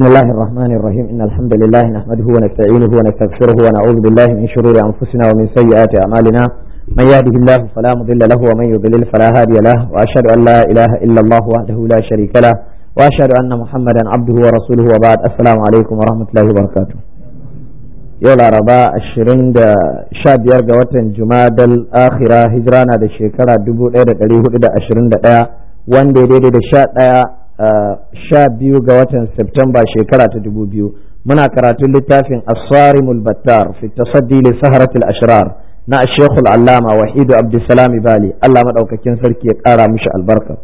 بسم الله الرحمن الرحيم إن الحمد لله نحمده ونستعينه ونستغفره ونعوذ بالله من شرور أنفسنا ومن سيئات أعمالنا من يهده الله فلا مضل له ومن يضلل فلا هادي له وأشهد أن لا إله إلا الله وحده لا شريك له وأشهد أن محمدا عبده ورسوله وبعد السلام عليكم ورحمة الله وبركاته يولا ربا الشرين دا شاب يرجع وطن جماد الآخرة هجرانا دا شكرا دبو دا دا دا دا دا دا sha biyu ga watan Septemba shekara ta dubu biyu muna karatun littafin Asarimul Battar fi tasaddi li saharatul ashrar na Sheikhul Allama Wahidu Abdulsalam Bali Allah madaukakin sarki ya kara mishi albarka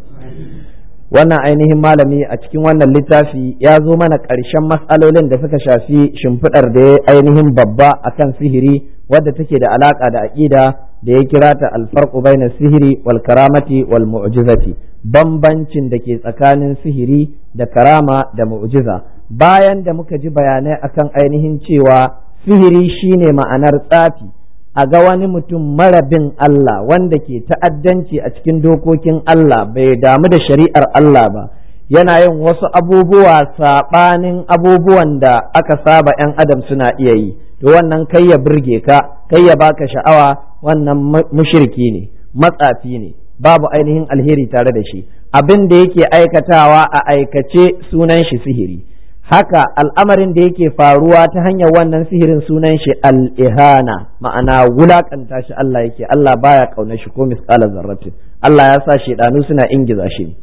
wannan ainihin malami a cikin wannan littafi ya zo mana ƙarshen matsalolin da suka shafi shimfiɗar da ya ainihin babba akan sihiri wadda take da alaƙa da aƙida da ya kira ta alfarƙu bainas sihiri wal karamati wal mu'jizati bambancin da ke tsakanin sihiri da karama da mu'jiza bayan da muka ji bayanai akan ainihin cewa sihiri shine ma'anar tsafi a ga wani mutum marabin Allah wanda ke ta'addanci a cikin dokokin Allah bai damu da shari'ar Allah ba yana yin wasu abubuwa saɓanin abubuwan da aka saba 'yan adam suna iya yi to wannan kai ya burge ka kai ya baka sha'awa wannan mushirki ne matsafi ne babu ainihin alheri tare da shi abin da yake aikatawa a aikace sunan shi sihiri haka al'amarin da yake faruwa ta hanyar wannan sihirin sunan shi al'ihana ma'ana wulakanta shi Allah yake Allah baya kauna shi ko misqala zarratin Allah ya sa shedanu suna ingiza shi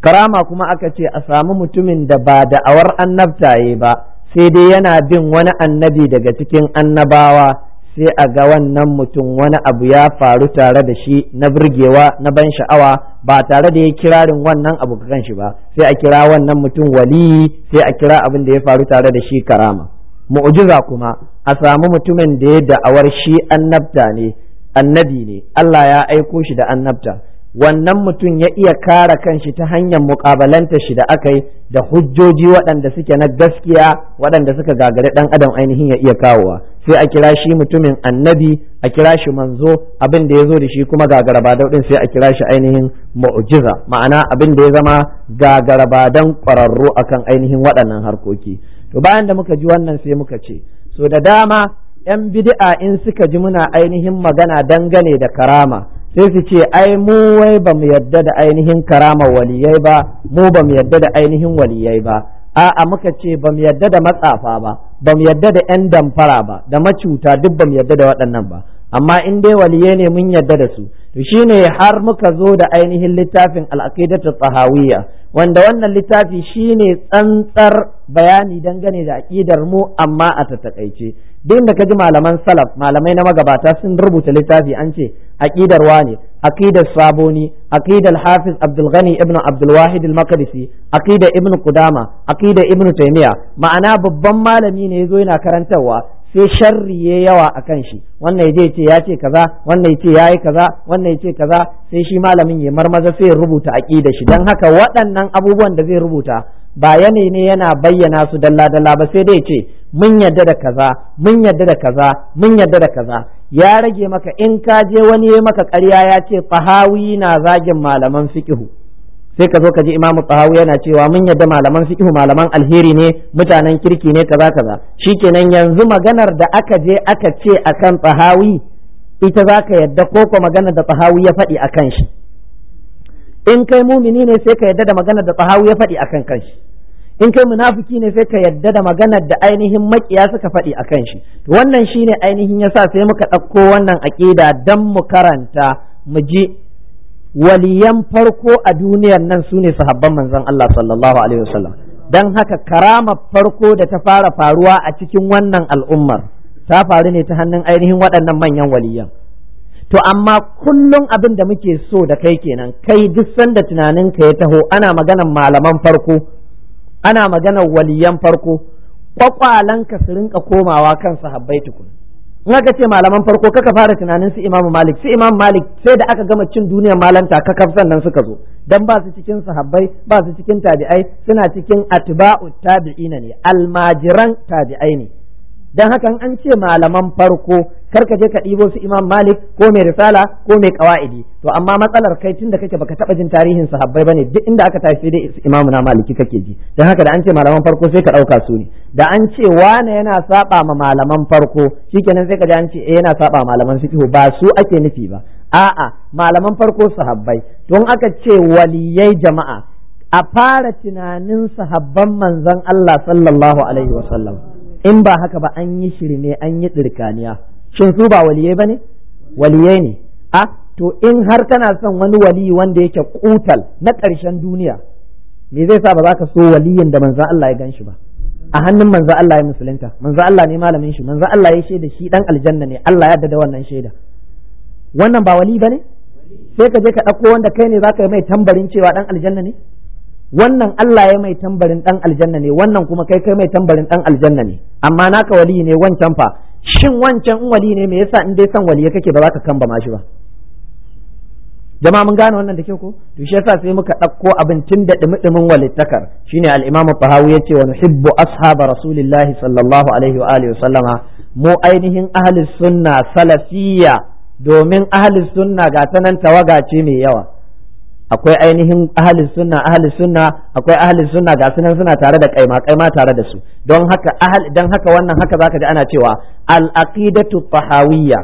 karama kuma aka ce a samu mutumin da ba da'awar annabtaye ba sai dai yana bin wani annabi daga cikin annabawa sai a ga wannan mutum wani abu ya faru tare da shi na burgewa na ban sha'awa ba tare da ya kirarin wannan abu kan shi ba sai a kira wannan mutum wali sai a kira abin da ya faru tare da shi karama mu'jiza kuma a samu mutumin da ya da'awar shi annabta ne annabi ne Allah ya aiko shi da annabta wannan mutum ya iya kara kanshi ta hanyar mukabalanta shi da aka yi da hujjoji waɗanda suke na gaskiya waɗanda suka gagari ɗan adam ainihin ya iya kawowa sai a kira shi mutumin annabi a kira shi manzo abin da ya zo da shi kuma gagarabadau daudin sai a kira shi ainihin mu'jiza ma'ana abin da ya zama gagarabadan ƙwararru akan ainihin waɗannan harkoki to bayan da muka ji wannan sai muka ce so da dama 'yan bidi'a in suka ji muna ainihin magana dangane da karama sai su ce ai mu wai ba mu yadda da ainihin karama waliyai ba mu ba mu yadda da ainihin waliyai ba a'a muka ce ba mu yadda da matsafa ba ba mu yadda da yan damfara ba da macuta duk ba mu yadda da waɗannan ba amma in dai waliyai ne mun yadda da su to shine har muka zo da ainihin littafin al-aqidatu wanda wannan littafi shine tsantsar bayani dangane da aqidar mu amma a ta takaice duk da kaji malaman salaf malamai na magabata sun rubuta littafi an ce aqidar wane aqidar saboni aqidar hafiz abdul ghani ibn abdul wahid al maqdisi aqidar ibn qudama aqidar ibn taymiya ma'ana babban malami ne yazo yana karantarwa sai sharri ya yawa a kan shi wannan ya ce ya ce kaza wannan ya ce ya yi kaza wannan ya ce kaza sai shi malamin ya marmaza sai ya rubuta aƙida shi don haka waɗannan abubuwan da zai rubuta ba yanayi ne yana bayyana su dalla dalla ba sai dai ce mun yadda da kaza mun yadda da kaza mun yadda da kaza ya rage maka in ka je wani ya maka ƙarya ya ce fahawi na zagin malaman fiqhu sai ka zo ka ji imamu fahawi yana cewa mun yadda malaman fiqhu malaman alheri ne mutanen kirki ne kaza kaza shikenan yanzu maganar da aka je aka ce akan fahawi ita zaka ka yadda koko maganar da fahawi ya faɗi akan shi in kai mumini ne sai ka yadda da maganar da tahawu ya faɗi akan kanshi in kai munafiki ne sai ka yadda da maganar da ainihin makiya suka faɗi akan shi wannan shine ainihin ya sa sai muka ɗauko wannan aƙida dan mu karanta mu ji waliyan farko a duniyar nan su ne sahabban manzon Allah sallallahu alaihi wasallam dan haka karama farko da ta fara faruwa a cikin wannan al'ummar ta faru ne ta hannun ainihin waɗannan manyan waliyan to amma kullum abin da muke so da kai kenan kai duk sanda tunanin ka ya taho ana maganan malaman farko ana maganar waliyan farko ka su rinka komawa kan sahabbai tukun in aka ce malaman farko kaka fara tunanin su imamu malik su imamu malik sai da aka gama cin duniyar malanta kakaf sannan suka zo dan ba su cikin sahabbai ba su cikin tabi'ai suna cikin atba'u tabi'ina ne almajiran tabi'ai ne dan haka an ce malaman farko kar ka je ka ɗibo su imam malik ko mai risala ko mai kawa'idi to amma matsalar kai tunda kake baka taba jin tarihin sahabbai bane duk inda aka tafi dai imam na maliki kake ji dan haka da an ce malaman farko sai ka ɗauka su ne da an ce wane yana saba ma malaman farko shikenan sai ka ji an ce eh yana saba malaman fiqh ba su ake nufi ba a'a malaman farko sahabbai don aka ce waliyai jama'a a fara tunanin sahabban manzon Allah sallallahu alaihi wasallam in ba haka ba an yi ne an yi ɗirkaniya shin su ba waliyai ba ne waliyai ne a ah, to in har kana son wani waliyi wanda yake kutal na ƙarshen duniya me zai sa ba za ka so waliyin da manzan Allah ya gan shi ba a hannun manzan Allah ya musulunta manzan Allah ne malamin shi manzan Allah ya shaida shi dan aljanna ne Allah ya da wannan shaida wannan ba wali bane sai ka je ka ɗauko wanda kai ne za ka yi mai tambarin cewa dan aljanna ne wannan Allah ya mai tambarin dan aljanna ne wannan kuma kai kai mai tambarin dan aljanna ne amma naka wali ne wancan fa shin wancan in wali ne me yasa in dai san wali kake ba za ka kamba ma shi ba jama'a mun gane wannan da kyau ko to shi yasa sai muka ɗauko abin tun da dumudumin walittakar shine al-Imam Fahawi yace wa nuhibbu ashaba rasulillahi sallallahu alaihi wa alihi sallama mu ainihin ahli sunna salasiya domin ahli sunna ga tanan tawaga ce mai yawa akwai ainihin ahli sunna ahli sunna akwai ahli sunna ga sunan suna tare da kaima kaima tare da su don haka ahli dan haka wannan haka zaka ji ana cewa al aqidatu tahawiyya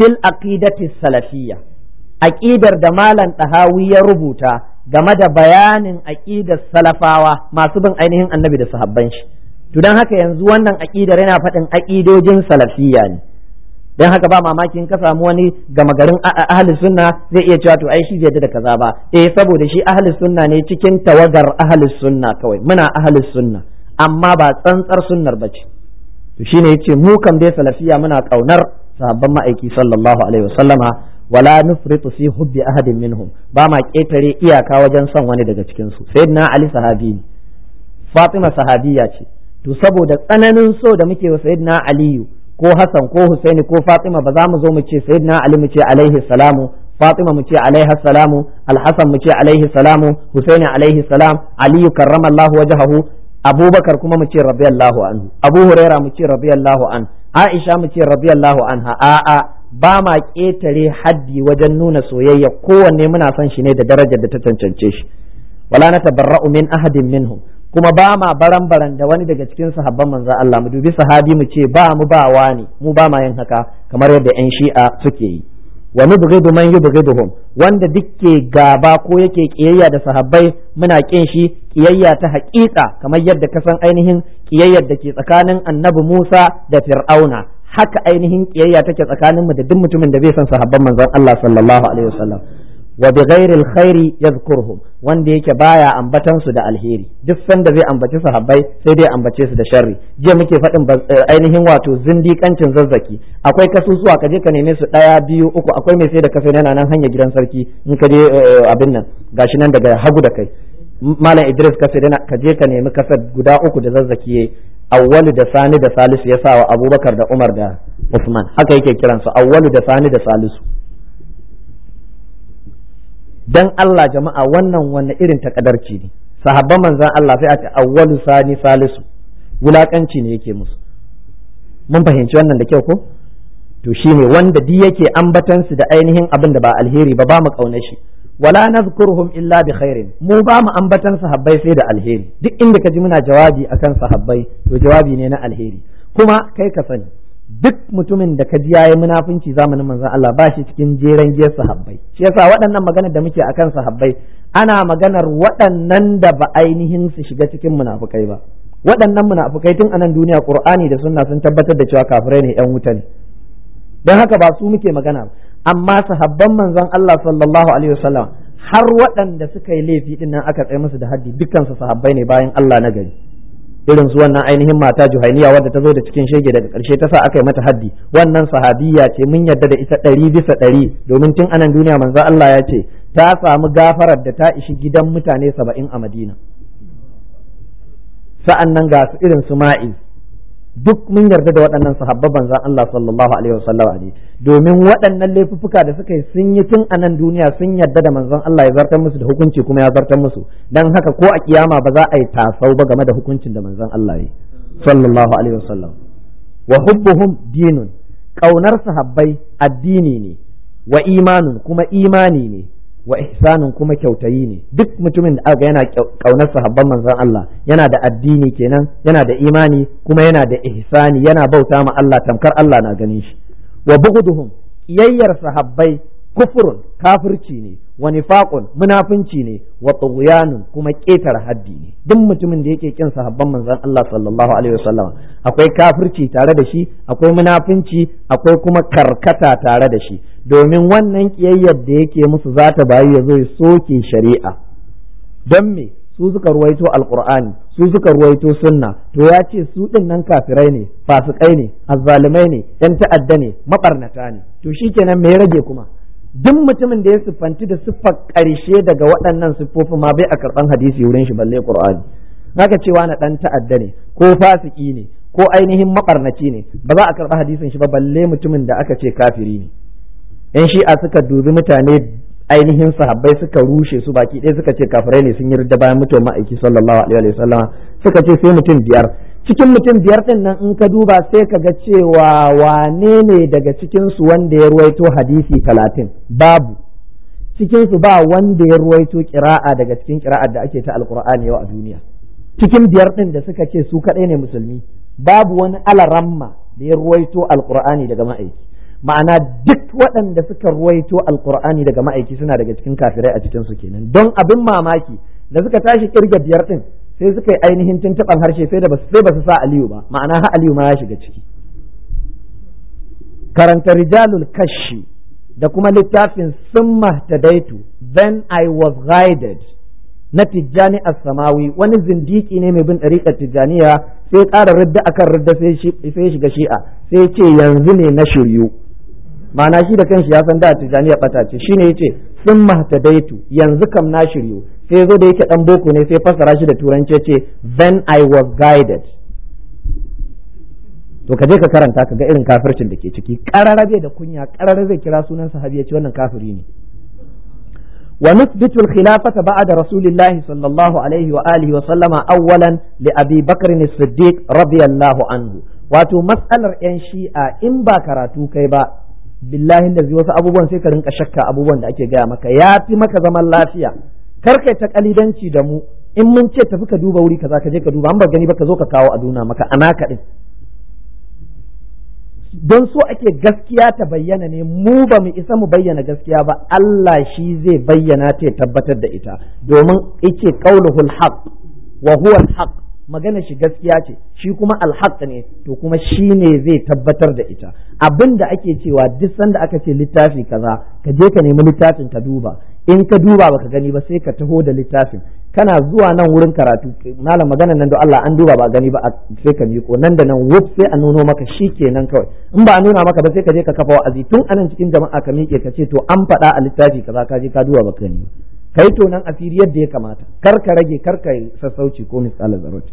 sil aqidati salafiyya aqidar da malam tahawi ya rubuta game da bayanin aqidar salafawa masu bin ainihin annabi da sahabban shi to dan haka yanzu wannan aqidar yana faɗin aqidojin salafiyya ne dan haka ba mamaki in ka samu wani gama garin ahlus sunna zai iya cewa to ai shi bai da kaza ba eh saboda shi ahli sunna ne cikin tawagar ahlus sunna kawai muna ahlus sunna amma ba tsantsar sunnar bace to shine yace mu kam dai salafiya muna kaunar sahabban ma'aiki sallallahu alaihi wasallama wala nufritu fi hubbi ahadin minhum ba ma ketare iyaka wajen son wani daga cikin su sayyidina ali sahabi fatima sahabiya ce to saboda tsananin so da muke wa sayyidina aliyu ko Hassan ko Husaini ko Fatima ba za mu zo mu ce Sayyidina Ali mu ce alaihi salamu Fatima mu ce alaiha salamu Al-Hassan mu ce alaihi salamu Husaini alaihi salam Ali karramallahu wajhahu Abubakar kuma mu ce radiyallahu anhu Abu Huraira mu ce radiyallahu an Aisha mu ce radiyallahu anha a'a ba ma ƙetare haddi wajen nuna soyayya kowanne muna son shi ne da darajar da ta cancance shi wala na tabarra'u min ahadin minhum kuma ba ma baran baran da wani daga cikin sahabban manzan Allah mu dubi sahabi mu ce ba mu ba ne mu ba ma yin haka kamar yadda yan shi'a suke yi wa nubghidu man yubghiduhum wanda dukke gaba ko yake kiyayya da sahabbai muna kin shi kiyayya ta haƙiƙa kamar yadda ka san ainihin kiyayyar da ke tsakanin annabi Musa da Fir'auna haka ainihin kiyayya take tsakanin mu da duk mutumin da bai san sahabban manzon Allah sallallahu alaihi wasallam wa bi ghairi khairi yadhkuruhum wanda yake baya ambatan su da alheri duk sanda zai ambaci sahabbai sai dai ambace su da sharri jiya muke faɗin ainihin wato zindikancin zazzaki akwai kasusuwa ka je ka neme su ɗaya biyu uku akwai mai sai da kafe yana nan hanya gidan sarki in ka je abin nan gashi nan daga hagu da kai malam idris kafe yana ka je ka nemi kasar guda uku da zazzaki yayi awwalu da sani da salisu ya sa wa abubakar da umar da usman haka yake kiransu awwalu da sani da salisu dan Allah jama'a wannan wanne irin takadarci ne sahabban manzan Allah sai a ce awwalu sani salisu wulakanci ne yake musu mun fahimci wannan da kyau ko to shine wanda di yake ambatan su da ainihin abin da ba alheri ba ba mu kauna shi wala nazkuruhum illa bi khairin mu ba mu ambatan sahabbai sai da alheri duk inda ka ji muna jawabi akan sahabbai to jawabi ne na alheri kuma kai ka sani duk mutumin da ka ji yayi munafunci zamanin manzon Allah ba shi cikin jeren giyar sahabbai shi yasa waɗannan maganar da muke akan sahabbai ana maganar waɗannan da ba ainihin su shiga cikin munafukai ba waɗannan munafukai tun anan duniya Qur'ani da sunna sun tabbatar da cewa kafirai ne yan wuta ne don haka ba su muke magana amma sahabban manzon Allah sallallahu alaihi wasallam har waɗanda suka yi laifi dinnan aka tsaye musu da haddi dukkan su sahabbai ne bayan Allah na gari irin su wannan ainihin mata juhainiya wadda ta zo da cikin shege daga karshe ta sa aka yi mata haddi wannan sahabiya ce mun yarda da ita ɗari bisa ɗari domin tun anan duniya manzo Allah ya ce ta samu gafarar da ta ishi gidan mutane saba'in a Madina sa'an nan ga irin su ma'iz duk mun yarda da waɗannan sahabban banzan Allah sallallahu alaihi wasallam ne domin waɗannan laifuffuka da suka yi sun yi tun a nan duniya sun yarda da manzon Allah ya zartar musu da hukunci kuma ya zartar musu dan haka ko a kiyama ba za a yi tasau ba game da hukuncin da manzon Allah ya sallallahu alaihi wasallam wa hubbuhum dinun kaunar sahabbai addini ne wa imanun kuma imani ne wa ihsanun kuma kyautayi ne duk mutumin da aka yana kaunar sahabban manzon Allah yana da addini kenan yana da imani kuma yana da ihsani yana bauta ma Allah tamkar Allah na ganin shi wa bughduhum yayyar sahabbai kufrun kafirci ne wa nifaqun munafinci ne wa tughyanun kuma ƙetar haddi ne duk mutumin da yake kin sahabban manzan Allah sallallahu alaihi wasallam akwai kafirci tare da shi akwai munafinci akwai kuma karkata tare da shi domin wannan kiyayyar da yake musu za ta bayu ya zo ya soke shari'a don me su suka ruwaito alqur'ani su suka ruwaito sunna to ya ce su din nan kafirai ne fasikai ne azzalumai ne yan ta'adda ne mabarnata ne to shikenan me ya rage kuma duk mutumin da ya siffanci da siffar karshe daga waɗannan siffofi ma bai a karɓan hadisi wurin shi balle qur'ani haka cewa na ɗan ta'adda ne ko fasiki ne ko ainihin maɓarnaci ne ba za a karɓi hadisin shi ba balle mutumin da aka ce kafiri ne yan a suka dubi mutane ainihin sahabbai suka rushe su baki ɗaya suka ce kafirai ne sun yi bayan mutuwar ma'aiki sallallahu alaihi wa sallama suka ce sai mutum biyar cikin mutum biyar ɗin nan in ka duba sai ka ga cewa wane ne daga cikinsu wanda ya ruwaito hadisi talatin babu cikinsu ba wanda ya ruwaito kira'a daga cikin kira'a da ake ta alkur'ani yau a duniya cikin biyar ɗin da suka ce su kaɗai ne musulmi babu wani alaramma da ya ruwaito alkur'ani daga ma'aiki ma'ana duk waɗanda suka ruwaito alkur'ani daga ma'aiki suna daga cikin kafirai a cikinsu kenan don abin mamaki da suka tashi kirga biyar ɗin sai suka yi ainihin tuntuɓar harshe sai ba su sa aliyu ba ma'ana ha aliyu ma ya shiga ciki karanta rijalul kashi da kuma littafin summa daitu then i was guided na tijjani a samawi wani zindiki ne mai bin ɗariƙar tijjaniya sai ƙara ridda akan ridda sai shiga shi'a sai ce yanzu ne na shiryu ma'ana shi da kanshi ya san da tijjaniya ɓata ce ya ce. sun mahtadaitu yanzu kam na shiryu sai zo da yake dan boko ne sai fasara shi da turanci ce then i was guided to ka ka karanta ka ga irin kafircin da ke ciki kararrabe da kunya kararrabe zai kira sunan sahabi ya ce wannan kafiri ne wa nusbitul al-khilafata ba'da rasulillah sallallahu alaihi wa alihi wa sallama awwalan li abi bakr as-siddiq radiyallahu anhu wato matsalar yan shi'a in ba karatu kai ba billahi da wasu abubuwan sai ka rinka shakka abubuwan da ake gaya maka ya fi maka zaman lafiya kar kai ta kalidanci da mu in mun ce tafi ka duba wuri kaza ka je ka duba an ba gani ba ka zo ka kawo a duna maka ana ka din don so ake gaskiya ta bayyana ne mu ba mu isa mu bayyana gaskiya ba Allah shi zai bayyana ta ya tabbatar da ita domin yake qauluhul haqq wa huwa al-haqq magana shi gaskiya ce shi kuma alhaq ne to kuma shi ne zai tabbatar da ita abin da ake cewa duk sanda aka ce littafi kaza ka je ka nemi littafin ka duba in ka duba baka gani ba sai ka taho da littafin kana zuwa nan wurin karatu malam magana nan da Allah an duba ba gani ba sai ka miko nan da nan wuf sai a nuno maka shi kenan kawai in ba a nuna maka ba sai ka je ka kafa wa'azi tun anan cikin jama'a ka miƙe ka ce to an faɗa a littafi kaza ka je ka duba baka gani ka yi tonan asiri yadda ya kamata kar ka rage kar ka sassauci ko misal zarauci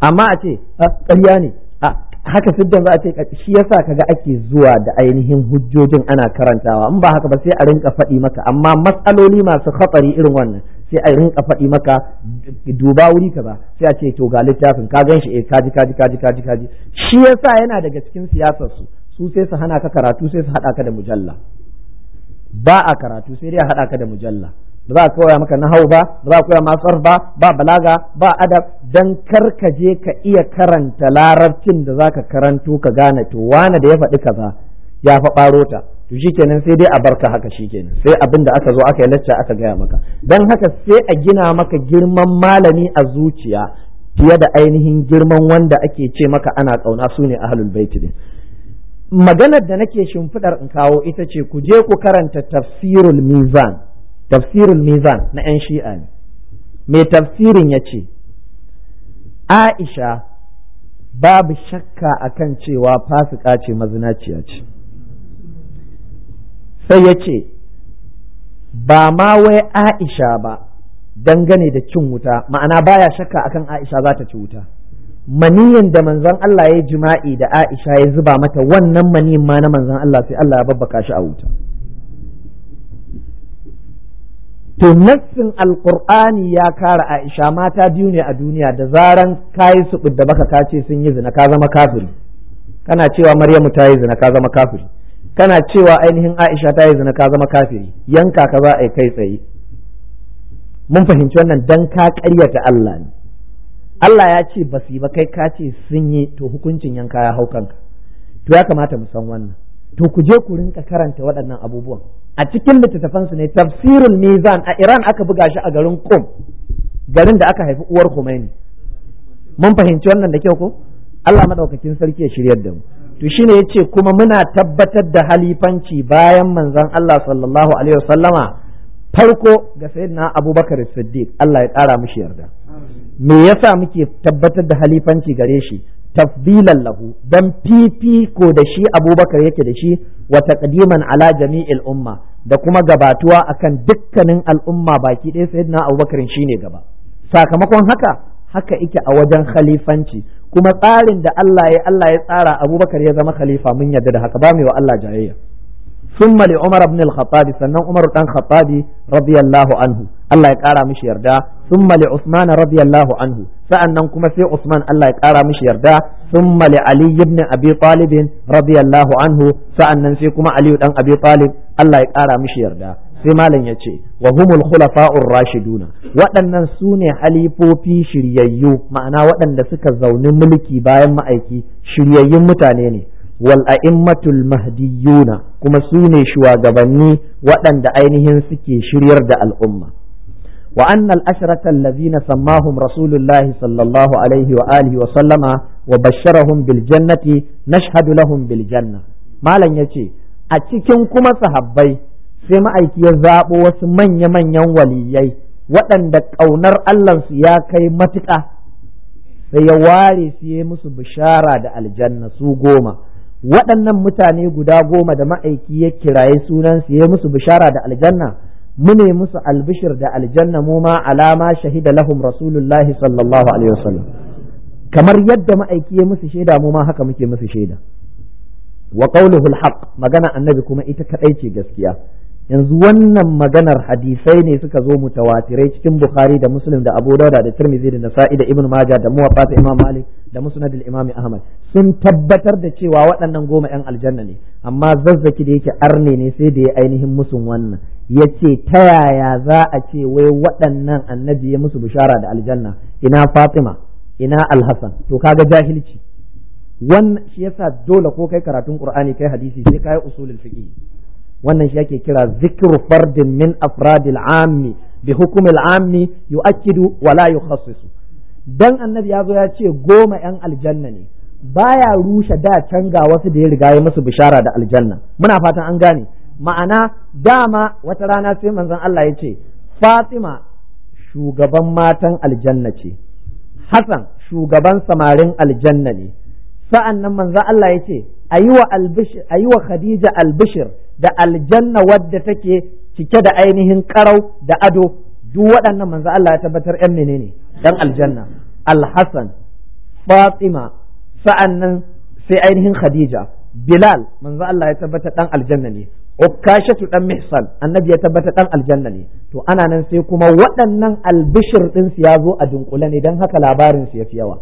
amma a ce ƙarya ne a haka siddan za a ce shi yasa kaga ake zuwa da ainihin hujjojin ana karantawa in ba haka ba sai a rinka faɗi maka amma matsaloli masu hatsari irin wannan sai a rinka faɗi maka duba wuri ba sai a ce to ga littafin ka gan shi eh kaji kaji kaji kaji kaji shi yasa yana daga cikin siyasar su su sai su hana ka karatu sai su haɗa ka da mujalla ba a karatu sai dai a haɗa ka da mujalla ba za a koya maka nahau ba ba za a koya masu sarf ba ba balaga ba adab dan kar ka je ka iya karanta larabcin da za ka karanto ka gane to wane da ya faɗi kaza ya fa ta to shikenan sai dai a barka haka shikenan sai abin aka zo aka yi lacca aka gaya maka dan haka sai a gina maka girman malami a zuciya fiye da ainihin girman wanda ake ce maka ana ƙauna su ne ahlul baiti din maganar da nake shimfidar in kawo ita ce ku je ku karanta tafsirul mizan tafsirul mizan na 'yan shi'a ne mai tafsirin ya ce aisha babu shakka akan cewa fasika ce mazinaciya ce sai ya ce ba ma wai aisha ba dangane da cin wuta ma'ana baya shakka akan aisha za ta ci wuta maniyin da manzon Allah ya yi jima'i da Aisha ya zuba mata wannan maniyin ma na manzon Allah sai Allah ya babbaka shi a wuta to nassin Alƙur'ani ya kara Aisha mata biyu ne a duniya da zaran yi su da baka kace sun yi zina ka zama kafiri kana cewa Maryamu ta yi zina ka zama kafiri kana cewa ainihin Aisha ta yi zina ka zama kafiri yanka ka za a kai tsaye mun fahimci wannan dan ka ƙaryata Allah ne Allah ya ce ba su yi ba kai ka ce sun yi to hukuncin yanka ya hau kanka to ya kamata mu san wannan to ku je ku rinka karanta waɗannan abubuwan a cikin littattafansu su ne tafsirul mizan a Iran aka buga shi a garin Qom garin da aka haifi uwar Khomeini mun fahimci wannan da kyau ko Allah madaukakin sarki ya shiryar da mu to shine yace kuma muna tabbatar da halifanci bayan manzon Allah sallallahu alaihi wasallama farko ga sayyidina Abubakar Siddiq Allah ya ƙara mishi yarda me yasa muke tabbatar da halifanci gare shi tafdilan lahu dan ko da shi abubakar yake da shi wa taqdiman ala jami'il umma da kuma gabatuwa akan dukkanin al'umma baki ɗaya sayyidina abubakar shine gaba sakamakon haka haka ike a wajen khalifanci kuma tsarin da Allah ya Allah ya tsara abubakar ya zama khalifa mun yadda da haka ba mai wa Allah jayayya summa li umar ibn al-khattab sannan umar dan khattabi radiyallahu anhu Allah ya ƙara mishi yarda thumma li Uthman radiyallahu anhu nan kuma sai Usman Allah ya ƙara mishi yarda sun mali Ali ibn Abi Talib radiyallahu anhu sa'annan sai kuma aliyu dan Abi Talib Allah ya kara mishi yarda sai malam ya ce wa humul khulafa'ur rashiduna waɗannan su ne halifofi shiryayyu ma'ana waɗanda suka zauni mulki bayan ma'aiki shiryayyun mutane ne wal a'immatul mahdiyuna kuma su ne shugabanni waɗanda ainihin suke shiryar da al'umma wa annal ashrata allazina sammahum rasulullahi sallallahu alaihi wa alihi wa sallama wa basharahum bil jannati nashhadu lahum Biljanna. Malam ya ce a cikin kuma sahabbai sai ma'aiki ya zabo wasu manya-manyan waliyai waɗanda ƙaunar Allahnsu ya kai matuƙa sai ya ware su musu bishara da aljanna su goma waɗannan mutane guda goma da ma'aiki ya kiraye sunansu musu bishara da aljanna mune musu albishir da aljanna mu ma alama shahida lahum rasulullahi sallallahu alaihi wasallam kamar yadda ma'aiki ya musu shaida mu ma haka muke musu shaida wa qawluhu alhaq magana annabi kuma ita kadai ce gaskiya yanzu wannan maganar hadisai ne suka zo mutawatirai cikin bukhari da muslim da abu dauda da tirmidhi da nasa'i da ibn majah da muwaffaq imam malik da musnad imam ahmad sun tabbatar da cewa waɗannan goma yan aljanna ne amma zazzaki da yake arne ne sai da ya ainihin musun wannan ya ce ta yaya za a ce wai waɗannan annabi ya musu bishara da aljanna ina fatima ina alhassan to kaga jahilci wannan shi yasa dole ko kai karatun qur'ani kai hadisi sai kai usulul fiqh wannan shi yake kira zikru fardin min afradil ammi bi hukumil ammi yu'akkidu wa la yukhassisu dan annabi ya zo ya ce goma yan aljanna ne baya rushe da canga wasu da ya riga ya musu bishara da aljanna muna fatan an gane ma'ana dama wata rana sai manzon Allah ya ce Fatima shugaban matan aljanna ce Hassan shugaban samarin aljanna ne sa'an nan manzon Allah ya ce a yi wa Khadija albishir da aljanna wadda take cike da ainihin karau da ado duk waɗannan manzon Allah ya tabbatar ‘yan menene dan aljanna alhassan fatima sa'an nan sai ainihin khadija bilal manzo Allah ya tabbatar dan aljanna ne ukashatu dan mihsan annabi ya tabbata dan aljanna ne to ana nan sai kuma waɗannan albishir din su ya zo a dunkule ne dan haka labarin su yafi yawa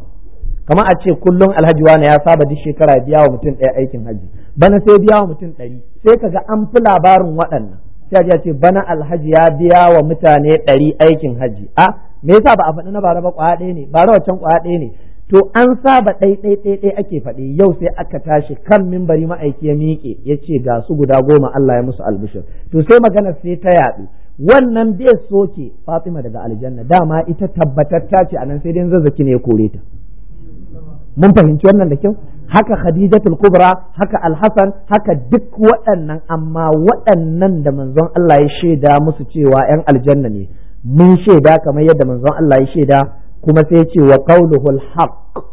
kamar a ce kullum alhaji wani ya saba duk shekara biya wa mutum ɗaya aikin haji bana sai biya wa mutum ɗari sai kaga an fi labarin waɗannan sai ya ce bana alhaji ya biya wa mutane ɗari aikin haji a me yasa ba a faɗi na bara ba kwaya ne bara wancan kwaya ɗaya ne to an saba ɗai ɗai ɗai ɗai ake faɗi yau sai aka tashi kan mimbari ma'aiki ya miƙe ya ce ga su guda goma Allah ya musu albishir to sai magana sai ta yaɗu wannan bai soke Fatima daga aljanna dama ita tabbatar ta ce anan sai dai zazzaki ne ya kore ta mun fahimci wannan da kyau haka Khadijatul Kubra haka Alhassan haka duk waɗannan amma waɗannan da manzon Allah ya shaida musu cewa 'yan aljanna ne mun shaida kamar yadda manzon Allah ya shaida kuma sai ce wa qauluhul haqq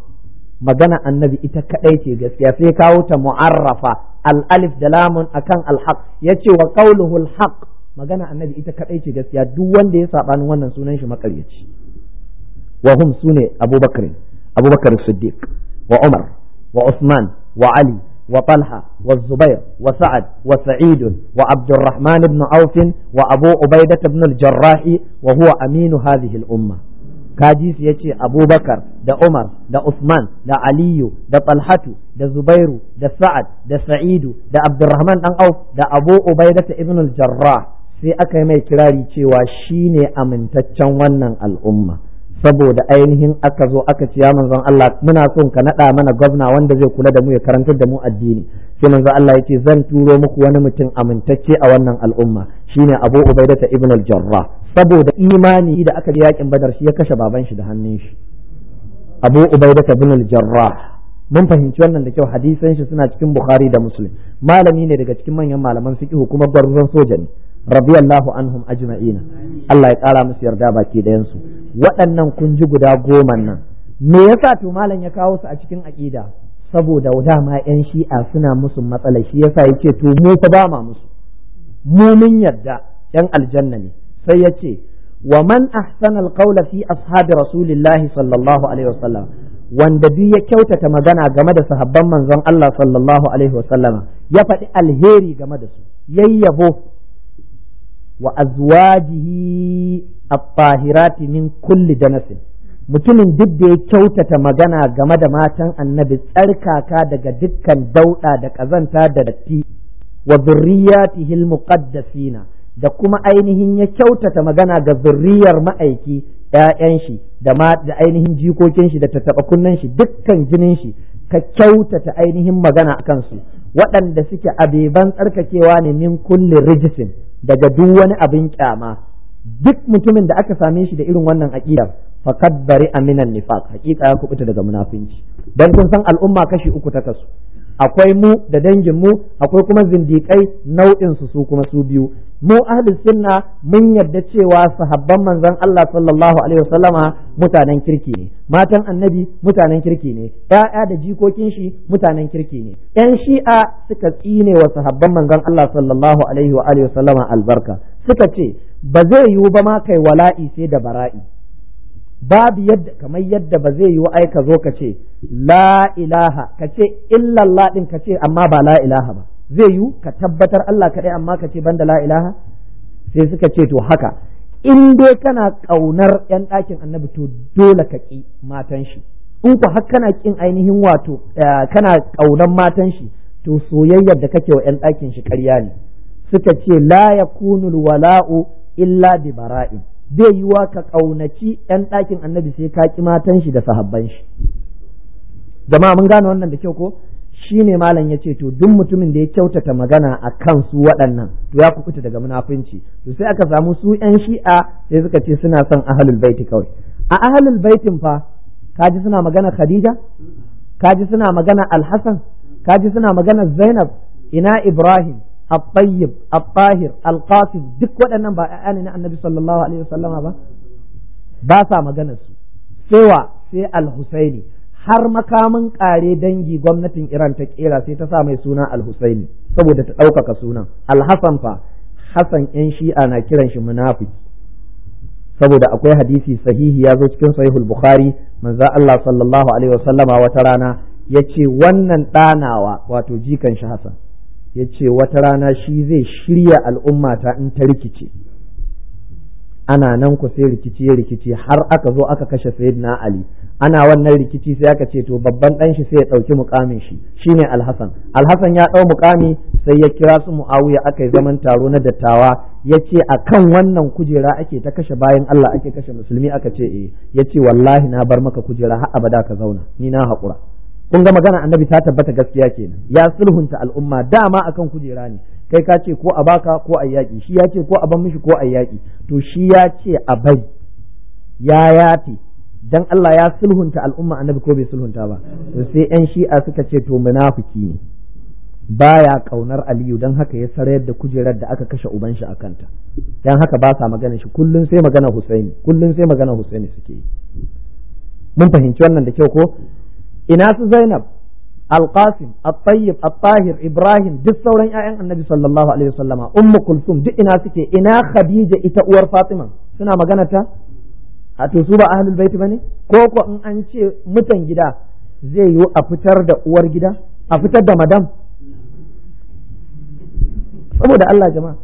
magana annabi ita kadai ce gaskiya sai kawo ta mu'arrafa al alif da lamun akan al haqq yace wa qauluhul haqq magana annabi ita kadai ce gaskiya duk wanda ya sabanin wannan sunan shi makaryaci wa hum sune abubakar abubakar siddiq wa umar wa usman wa ali wa wa wa zubair wa والزبير وسعد وسعيد وعبد الرحمن wa عوف وأبو عبيدة بن wa huwa أمين هذه الأمة kaji su ce abubakar da umar da usman da aliyu da talhatu da zubairu da sa'ad da sa'idu da abdurrahman dan auf da abu ubaidata ibn al-jarrah sai aka yi mai kirari cewa shine amintaccen wannan al'umma saboda ainihin aka zo aka ce ya manzon Allah muna son ka nada mana gwamna wanda zai kula da mu ya karantar da mu addini sai manzo Allah yake zan turo muku wani mutum amintacce a wannan al'umma shine Abu Ubaidata ibn al-Jarrah saboda imani da aka yi yakin Badar shi ya kashe baban shi da hannun shi Abu Ubaidata ibn al-Jarrah mun fahimci wannan da kyau hadisan shi suna cikin Bukhari da Muslim malami ne daga cikin manyan malaman fiqh kuma gwarzon soja ne radiyallahu anhum ajma'ina Allah ya kara musu yarda baki da yansu waɗannan kunji guda goma nan me yasa to malam ya kawo su a cikin aqida saboda dama yan shi'a suna musu matsala shi yasa yace to mu fa ba musu Mumin yadda yan aljanna ne sai yace wa man ahsana alqawla fi ashabi rasulillahi sallallahu alaihi wasallam wanda duk ya kyautata magana game da sahabban manzon Allah sallallahu alaihi wasallama ya faɗi alheri game da su yayyabo wa azwajihi at-tahirati min kulli danasin mutumin duk da ya kyautata magana game da matan annabi tsarkaka daga dukkan dauɗa da ƙazanta da datti wa zurriyatihil muqaddasina da kuma ainihin ya kyautata magana ga zurriyar ma'aiki ‘ya'yan shi da ainihin jikokin shi da tattaɓa kunnen shi dukkan jinin shi ka kyautata ainihin magana a kansu waɗanda suke abeban tsarkakewa ne min kulli rijisin daga duk wani abin kyama duk mutumin da aka same shi da irin wannan aqidar faqad bari aminan nifaq hakika ya kubuta daga munafinci dan kun san al'umma kashi uku ta kasu akwai mu da dangin mu akwai kuma zindikai nau'in su su kuma su biyu mu ahli sunna mun yarda cewa sahabban manzon Allah sallallahu alaihi wasallama mutanen kirki ne matan annabi mutanen kirki ne ya'ya da jikokin shi mutanen kirki ne yan shi'a suka tsine wa sahabban manzon Allah sallallahu alaihi wa alihi wasallama albarka suka ce ba zai yiwu ba ma kai wala'i sai da bara'i babu yadda kamar yadda ba zai yi wa aika zo ka ce la ilaha ka ce illallah din ka ce amma ba la ilaha ba zai yi ka tabbatar Allah kaɗai amma ka ce banda la ilaha sai suka ce to haka in dai kana ƙaunar 'yan ɗakin annabi to dole ka ƙi matan shi in ku har kana ƙin ainihin wato eh, kana ƙaunar matan shi to soyayyar da kake wa 'yan ɗakin shi ƙarya ne suka ce la yakunul wala'u illa bi bara'in bai wa ka ƙaunaci 'yan ɗakin annabi sai ka ƙi matan shi da sahabban shi jama'a mun gane wannan da kyau ko shi ne malam ya ce to duk mutumin da ya kyautata magana a kan su waɗannan to ya kuɓuta daga munafunci to sai aka samu su yan shi'a sai suka ce suna son ahalul baiti kawai a ahalul baitin fa kaji suna magana khadija kaji suna magana alhassan kaji suna magana zainab ina ibrahim الطيب الطاهر القاصد duk waɗannan ba ayani na annabi sallallahu alaihi wasallam ba ba sa maganar su sewa sai al-husaini har makamin ƙare dangi gwamnatin Iran ta kera sai ta sa mai suna al-husaini saboda ta ɗaukaka sunan al hassan fa hassan yan shi'a na kiran shi munafiki saboda akwai hadisi sahihi ya zo cikin sahihul bukhari manzo Allah sallallahu alaihi wasallama wata rana yace wannan ɗanawa wato jikan shi hassan ya ce wata rana shi zai shirya al'umma ta in ta rikice ana nan ku sai rikici ya rikici har aka zo aka kashe sayyidina ali ana wannan rikici sai aka ce to babban dan shi sai ya dauki mukamin shi shine alhasan alhasan ya dau mukami sai ya kira su muawiya aka yi zaman taro na dattawa yace akan wannan kujera ake ta kashe bayan Allah ake kashe musulmi aka ce eh ya wallahi na bar maka kujera har abada ka zauna ni na hakura kun ga magana annabi ta tabbata gaskiya kenan ya sulhunta al'umma dama akan kujera ne kai ka ce ko a baka ko a yaƙi shi ya ce ko a ban mishi ko a yaƙi to shi ya ce a bai ya yafe dan Allah ya sulhunta al'umma annabi ko bai sulhunta ba to sai yan shi'a suka ce to munafiki ne baya kaunar Aliyu dan haka ya sarayar da kujerar da aka kashe uban shi akanta dan haka ba sa magana shi kullun sai magana Husaini kullun sai magana Husaini suke yi mun fahimci wannan da kyau ko ina su zainab alqasim at-tayyib ibrahim duk sauran ƴaƴan annabi sallallahu alaihi wasallama ummu kulsum duk ina suke ina khadija ita uwar fatima suna magana ta a to su ba ahlul bait bane ko ko in an ce mutan gida zai yi a fitar da uwar gida a fitar da madam saboda Allah jama'a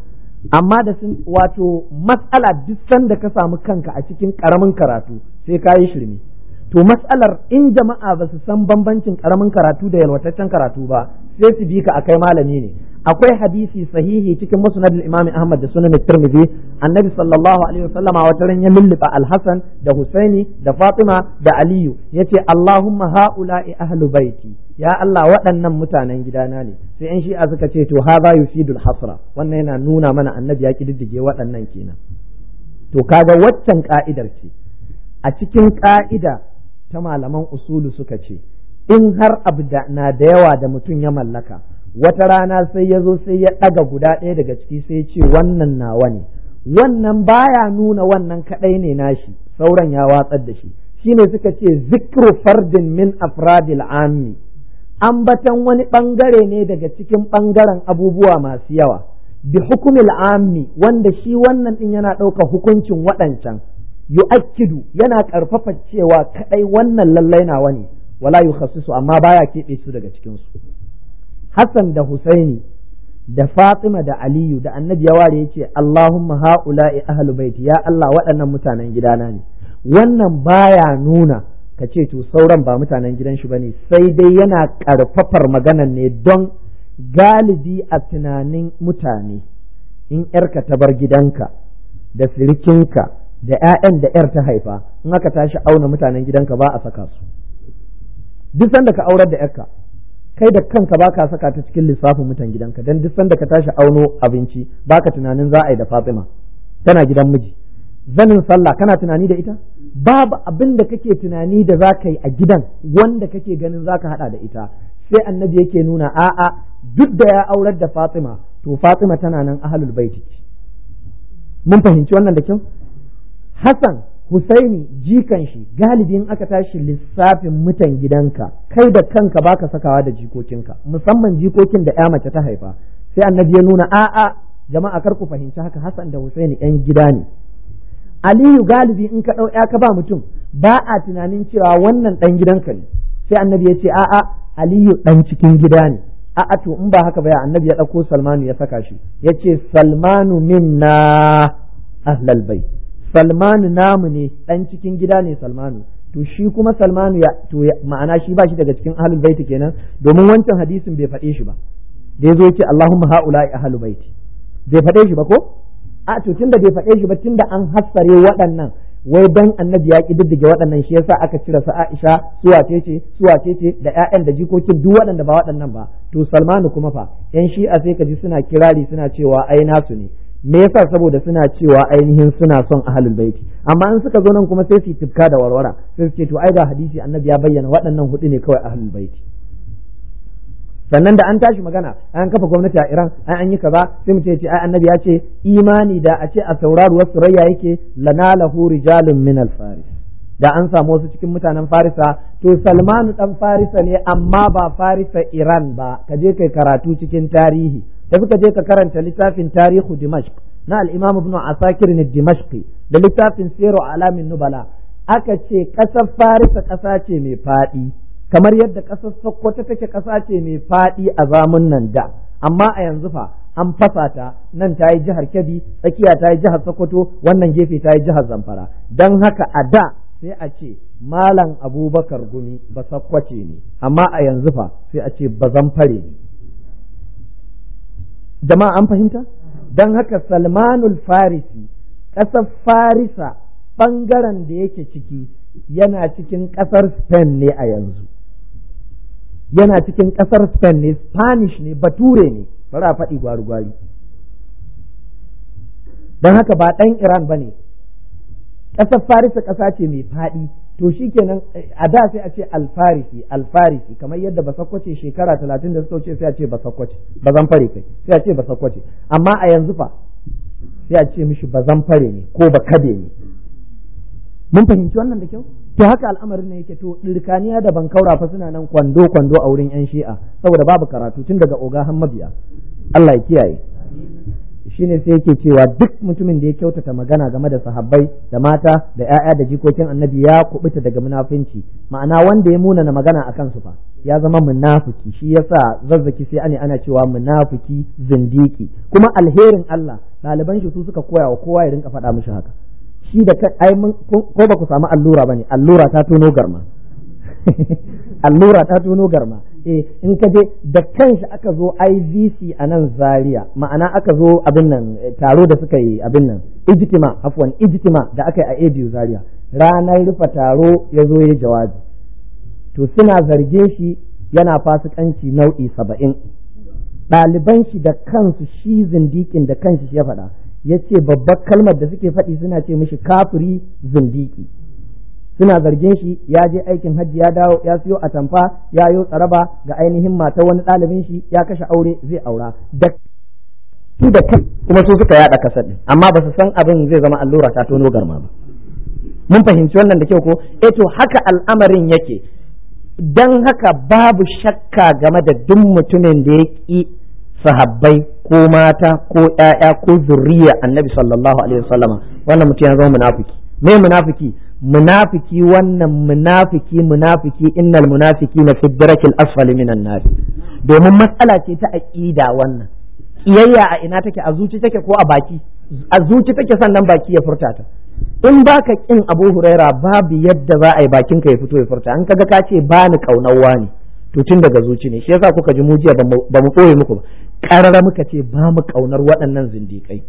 amma da sun wato matsala duk sanda ka samu kanka a cikin karamin karatu sai ka yi shirme to matsalar in jama'a ba su san bambancin karamin karatu da yalwataccen karatu ba sai su bi ka akai malami ne akwai hadisi sahihi cikin musnad al-imam Ahmad da sunan Tirmidhi annabi sallallahu alaihi wasallama wata ran ya lulluba al-Hasan da Husaini da Fatima da Aliyu yace Allahumma haula'i ahlu baiti ya Allah waɗannan mutanen gidana ne sai in shi'a suka ce to haza yusidul hasra wannan yana nuna mana annabi ya kididdige waɗannan kenan to kaga waccan ka'idar ce a cikin ka'ida ta malaman usulu suka ce in har abu na da yawa da mutum ya mallaka wata rana sai ya zo sai ya ɗaga guda ɗaya daga ciki sai ya ce wannan nawa ne wannan baya nuna wannan kaɗai ne nashi sauran ya watsar da shi shine suka ce zikru fardin min afradil ammi batan wani ɓangare ne daga cikin ɓangaren abubuwa masu yawa bi hukumil ammi wanda shi wannan ɗin yana ɗauka hukuncin waɗancan yu'akkidu yana karfafa cewa kadai wannan lallai nawa ne wala yukhassisu amma baya keɓe su daga cikin su Hassan da Husaini da Fatima da Aliyu da Annabi ya ware yace Allahumma haula'i ahlu bait ya Allah waɗannan mutanen gidana ne wannan baya nuna ka ce to sauran ba mutanen gidan shi bane sai dai yana karfafar maganan ne don galibi a tunanin mutane in ‘yarka ta bar gidanka da sirikinka da 'ya'yan da 'yar ta haifa in aka tashi auna mutanen gidanka ba a saka su duk sanda ka aurar da 'yarka kai da kanka ba ka saka ta cikin lissafin mutan gidanka don duk sanda ka tashi auno abinci ba ka tunanin za a yi da fatsima tana gidan miji zanin sallah kana tunani da ita babu abin da kake tunani da za ka yi a gidan wanda kake ganin za ka haɗa da ita sai annabi yake nuna a'a duk da ya aurar da fatsima to Fatima tana nan ahlul baiti mun fahimci wannan da kyau Hassan Hussaini jikan shi galibi galibin aka tashi lissafin mutan gidanka kai da kanka baka sakawa da jikokinka musamman jikokin da ya mace ta haifa sai annabi ya nuna a'a jama'a kar ku fahimci haka Hassan da Husaini yan gida ne Aliyu galibi in ka dau ya ka ba mutum ba a tunanin cewa wannan dan gidanka ne sai annabi ya ce a'a Aliyu dan cikin gida ne a'a to in ba haka ba ya annabi ya dauko Salmanu ya saka shi yace Salmanu minna ahlal bait salmanu namu ne dan cikin gida ne salmanu to shi kuma salmanu ya to ma'ana shi ba shi daga cikin ahlul baiti kenan domin wancan hadisin bai faɗe shi ba da yazo yace allahumma haula'i ahlul baiti bai faɗe shi ba ko a to tunda bai faɗe shi ba tunda an hassare waɗannan wai dan annabi ya ki diddige waɗannan shi yasa aka cire su Aisha su wace ce su wace ce da ƴaƴan da jikokin duk waɗanda ba waɗannan ba to Salmanu kuma fa yan shi'a sai ka ji suna kirari suna cewa ai nasu ne me yasa saboda suna cewa ainihin suna son ahalul baiti amma in suka zo nan kuma sai su tifka da warwara sai su ce to ai ga hadisi annabi ya bayyana waɗannan hudu ne kawai ahalul baiti sannan da an tashi magana an kafa gwamnati a Iran ai an yi kaza sai mu ce ce ai annabi ya ce imani da a ce a sauraruwar surayya yake lanalahu rijalun min al-faris da an samu wasu cikin mutanen Farisa to Salmanu dan Farisa ne amma ba Farisa Iran ba ka je kai karatu cikin tarihi tafi ka je ka karanta littafin tarihu dimashq na al-imam ibn asakir ne dimashqi da littafin siru alamin nubala aka ce kasar farisa kasa ce mai fadi kamar yadda kasar sokoto take kasa ce mai fadi a zamun nan da amma a yanzu fa an fasa ta nan ta yi jihar kebbi tsakiya ta yi jihar sokoto wannan gefe ta yi jihar zamfara don haka a da sai a ce malam abubakar gumi ba sakwace ne amma a yanzu fa sai a ce ba zamfare ne jama'a an fahimta don haka salmanul farisi ƙasar farisa ɓangaren da yake ciki yana cikin ƙasar spain ne a yanzu yana cikin ƙasar spain ne spanish ne bature ne bari a faɗi gwari-gwari don haka ba ɗan iran ba ne ƙasar farisa ƙasa ce mai faɗi to shikenan a da sai a ce alfarisi alfarisi kamar yadda ba sakwace shekara talatin da suka wuce sai a ce ba zan fare kai sai a ce sakwace amma a yanzu fa sai a ce mishi zan fare ne ko ba kabe ne mun fahimci wannan da kyau to haka al'amarin ne yake to dirkaniya da bankaura fa suna nan kwando kwando a wurin yan shi'a saboda babu karatu tun daga oga har mabiya Allah ya kiyaye shine sai yake cewa duk mutumin da ya kyautata magana game da sahabbai da mata da 'ya'ya da jikokin annabi ya kubuta daga munafinci ma'ana wanda ya munana magana a su fa ya zama munafuki shi yasa zazzaki sai ani ana cewa munafuki zindiki kuma alherin Allah ɗaliban shi su suka koya wa kowa ya rinka faɗa mishi haka shi da ai ko ba samu allura bane allura ta tono garma allura ta tono garma eh in ka je da kanshi aka zo IVC a nan Zaria ma'ana aka zo abin nan eh, taro da suka yi abin nan ijtima afwan ijtima da aka yi a ABU Zaria ranar rufe taro ya zo ya jawabi to suna zarge shi yana fasikanci nau'i saba'in ɗaliban shi da kansu shi zindikin da kanshi shi ya faɗa ya ce babbar kalmar da suke faɗi suna ce mishi kafiri zindiki suna zargin shi ya je aikin hajji ya dawo ya siyo a tamfa ya yo tsaraba ga ainihin mata wani ɗalibin shi ya kashe aure zai aura da su da kai kuma su suka yaɗa kasar din amma ba su san abin zai zama allura ta tono garma ba mun fahimci wannan da kyau ko eh to haka al'amarin yake dan haka babu shakka game da duk mutumin da ya ki sahabbai ko mata ko ƴaƴa ko zuriya annabi sallallahu alaihi wasallama wannan mutum ya zama munafiki me munafiki munafiki wannan munafiki munafiki innal munafiki na fi darakil asfali minan nari domin matsala ce ta aqida wannan kiyayya a ina take a zuci take ko a baki a zuci take sannan baki ya furta ta in baka kin Abu Huraira babu yadda za a yi bakin ka ya fito ya furta an kaga kace ce ba ni kaunar ne to tun daga zuci ne shi yasa kuka ji mujiya ba mu koye muku ba karara muka ce ba mu kaunar waɗannan zindikai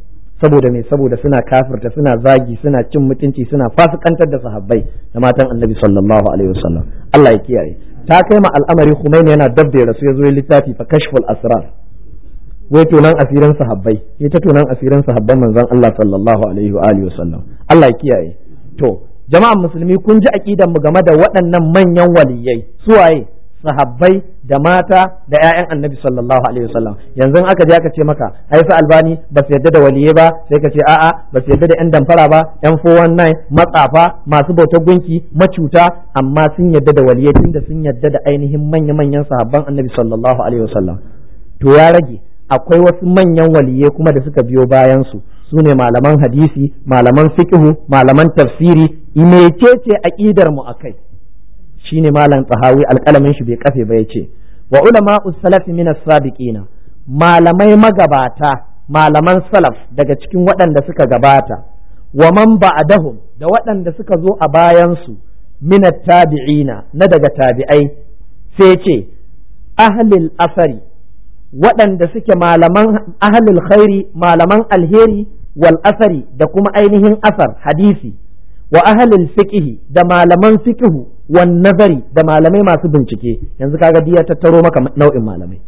saboda me saboda suna kafirta suna zagi suna cin mutunci suna fasikantar da sahabbai da matan annabi sallallahu alaihi wasallam Allah ya kiyaye ta kai ma al'amari Khomeini yana dabbe rasu ya zo littafi fa kashful asrar wai tonan asirin sahabbai ya ta tonan asirin sahabban manzon Allah sallallahu alaihi wa alihi wasallam Allah ya kiyaye to jama'an musulmi kun ji aqidan mu game da waɗannan manyan waliyai suwaye sahabbai da mata da ya'yan annabi sallallahu alaihi wasallam yanzu aka je aka ce maka ai fa albani ba su yadda da waliye ba sai ka ce a'a ba su yadda da yan damfara ba yan 419 matsafa masu bautar gunki macuta amma sun yadda da waliye tun da sun yadda da ainihin manya-manyan sahabban annabi sallallahu alaihi wasallam to ya rage akwai wasu manyan waliye kuma da suka biyo bayan su su ne malaman hadisi malaman fiqhu malaman tafsiri mecece aqidar mu akai shine malam tsahawi alkalamin shi bai kafe ba yace wa ulama salafi min as malamai magabata malaman salaf daga cikin waɗanda suka gabata wa man ba'dahum da waɗanda suka zo a bayansu min tabi'ina na daga tabi'ai sai ce ahlil asari waɗanda suke malaman ahlul khairi malaman alheri wal asari da kuma ainihin asar hadisi wa ahalin fiqh da malaman fiqh wan nazari da malamai masu bincike yanzu kaga diya tattaro maka nau'in malamai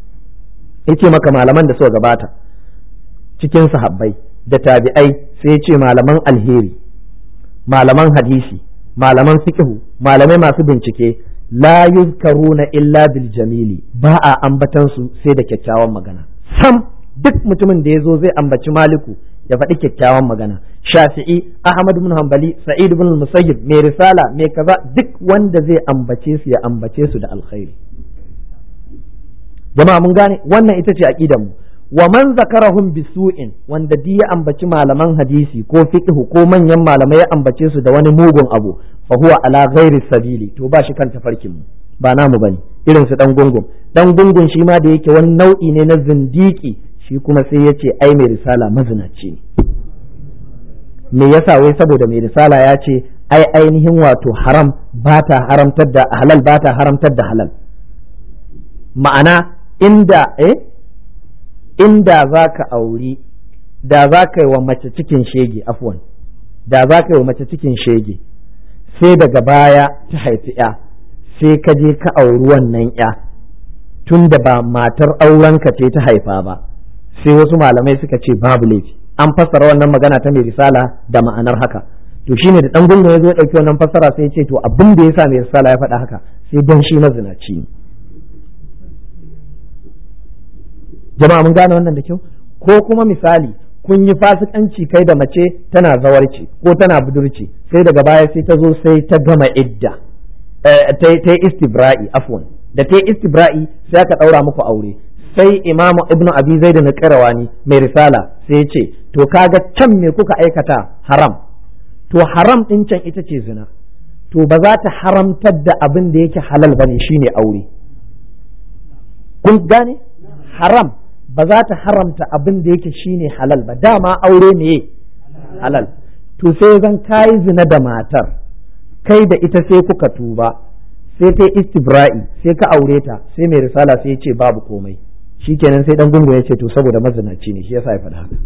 yace maka malaman da suka gabata cikin sahabbai da tabi'ai sai yace malaman alheri malaman hadisi malaman fiqh malamai masu bincike la yuzkaruna illa bil jamili ba a ambatan su sai da kyakkyawan magana sam duk mutumin da ya zo zai ambaci maliku ya faɗi kyakkyawan magana shafi'i ahmad bin hanbali sa'id bin musayyib mai risala mai kaza duk wanda zai ambace su ya ambace su da alkhairi jama'a mun gane wannan ita ce aqidar mu wa man zakarahum bisu'in wanda di ya ambaci malaman hadisi ko fiqh ko manyan malamai ya ambace su da wani mugun abu fa huwa ala ghairi sabili to ba shi kan tafarkin mu ba namu bane irin su dan gungun dan gungun shi ma da yake wani nau'i ne na zindiki shi kuma sai ya ce ai mai risala mazinaci ne me yasa wai saboda mai risala ya ce ai ainihin wato haram ba ta haramtar da halal ba ta haramtar da halal ma'ana inda eh inda za ka auri da za ka yi wa mace cikin shege afwan da za ka yi wa mace cikin shege sai daga baya ta haifi ya sai ka je ka auri wannan ya tun da ba matar aurenka ce ta haifa ba sai wasu malamai suka ce babu laifi an fassara wannan magana ta mai risala da ma'anar haka to shine da dan gungun ya zo dauki wannan fassara sai ya ce to abin da yasa mai risala ya faɗa haka sai dan shi zinaci ne jama'a mun gane wannan da kyau ko kuma misali kun yi fasikanci kai da mace tana zawarci ko tana budurci sai daga baya sai ta zo sai ta gama idda eh, ta yi istibra'i afwan da ta yi istibra'i sai aka ɗaura muku aure sai imamu ibnu abi zaid na qirawani mai risala sai yace ce to kaga can me kuka aikata haram to haram din can ita ce zina to ba za ta haramtar da abin da yake halal bane shine aure kun gane haram ba za ta haramta abin da yake shine halal ba dama aure ne halal to sai zan kayi zina da matar kai da ita sai kuka tuba sai ta istibra'i sai ka aure ta sai mai risala sai ya ce babu komai shikenan sai dan gungu ya ce to saboda mazinaci ne shi yasa ya faɗa haka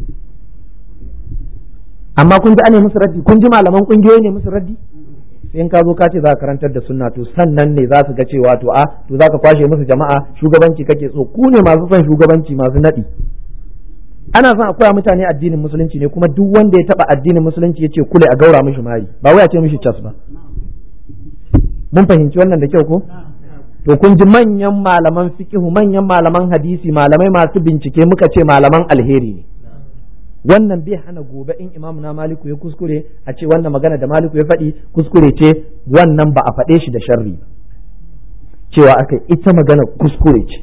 amma kun ji ane musu raddi kun ji malaman kungiyoyi ne musu raddi sai in ka zo ka ce za ka karantar da sunna to sannan ne za su ga cewa to a ah, to za ka kwashe musu jama'a shugabanci kake so ku ne masu son shugabanci masu naɗi ana son a koya mutane addinin musulunci ne kuma duk wanda ya taba addinin musulunci ya ce kule a gaura mishi mari ba wai a ce mishi cas ba mun fahimci wannan da kyau ko to kun ji manyan malaman fikihu manyan malaman hadisi malamai masu bincike muka ce malaman alheri ne wannan bai hana gobe in imam na maliku ya kuskure a ce wannan magana da maliku ya faɗi kuskure ce wannan ba a faɗe shi da sharri cewa aka ita magana kuskure ce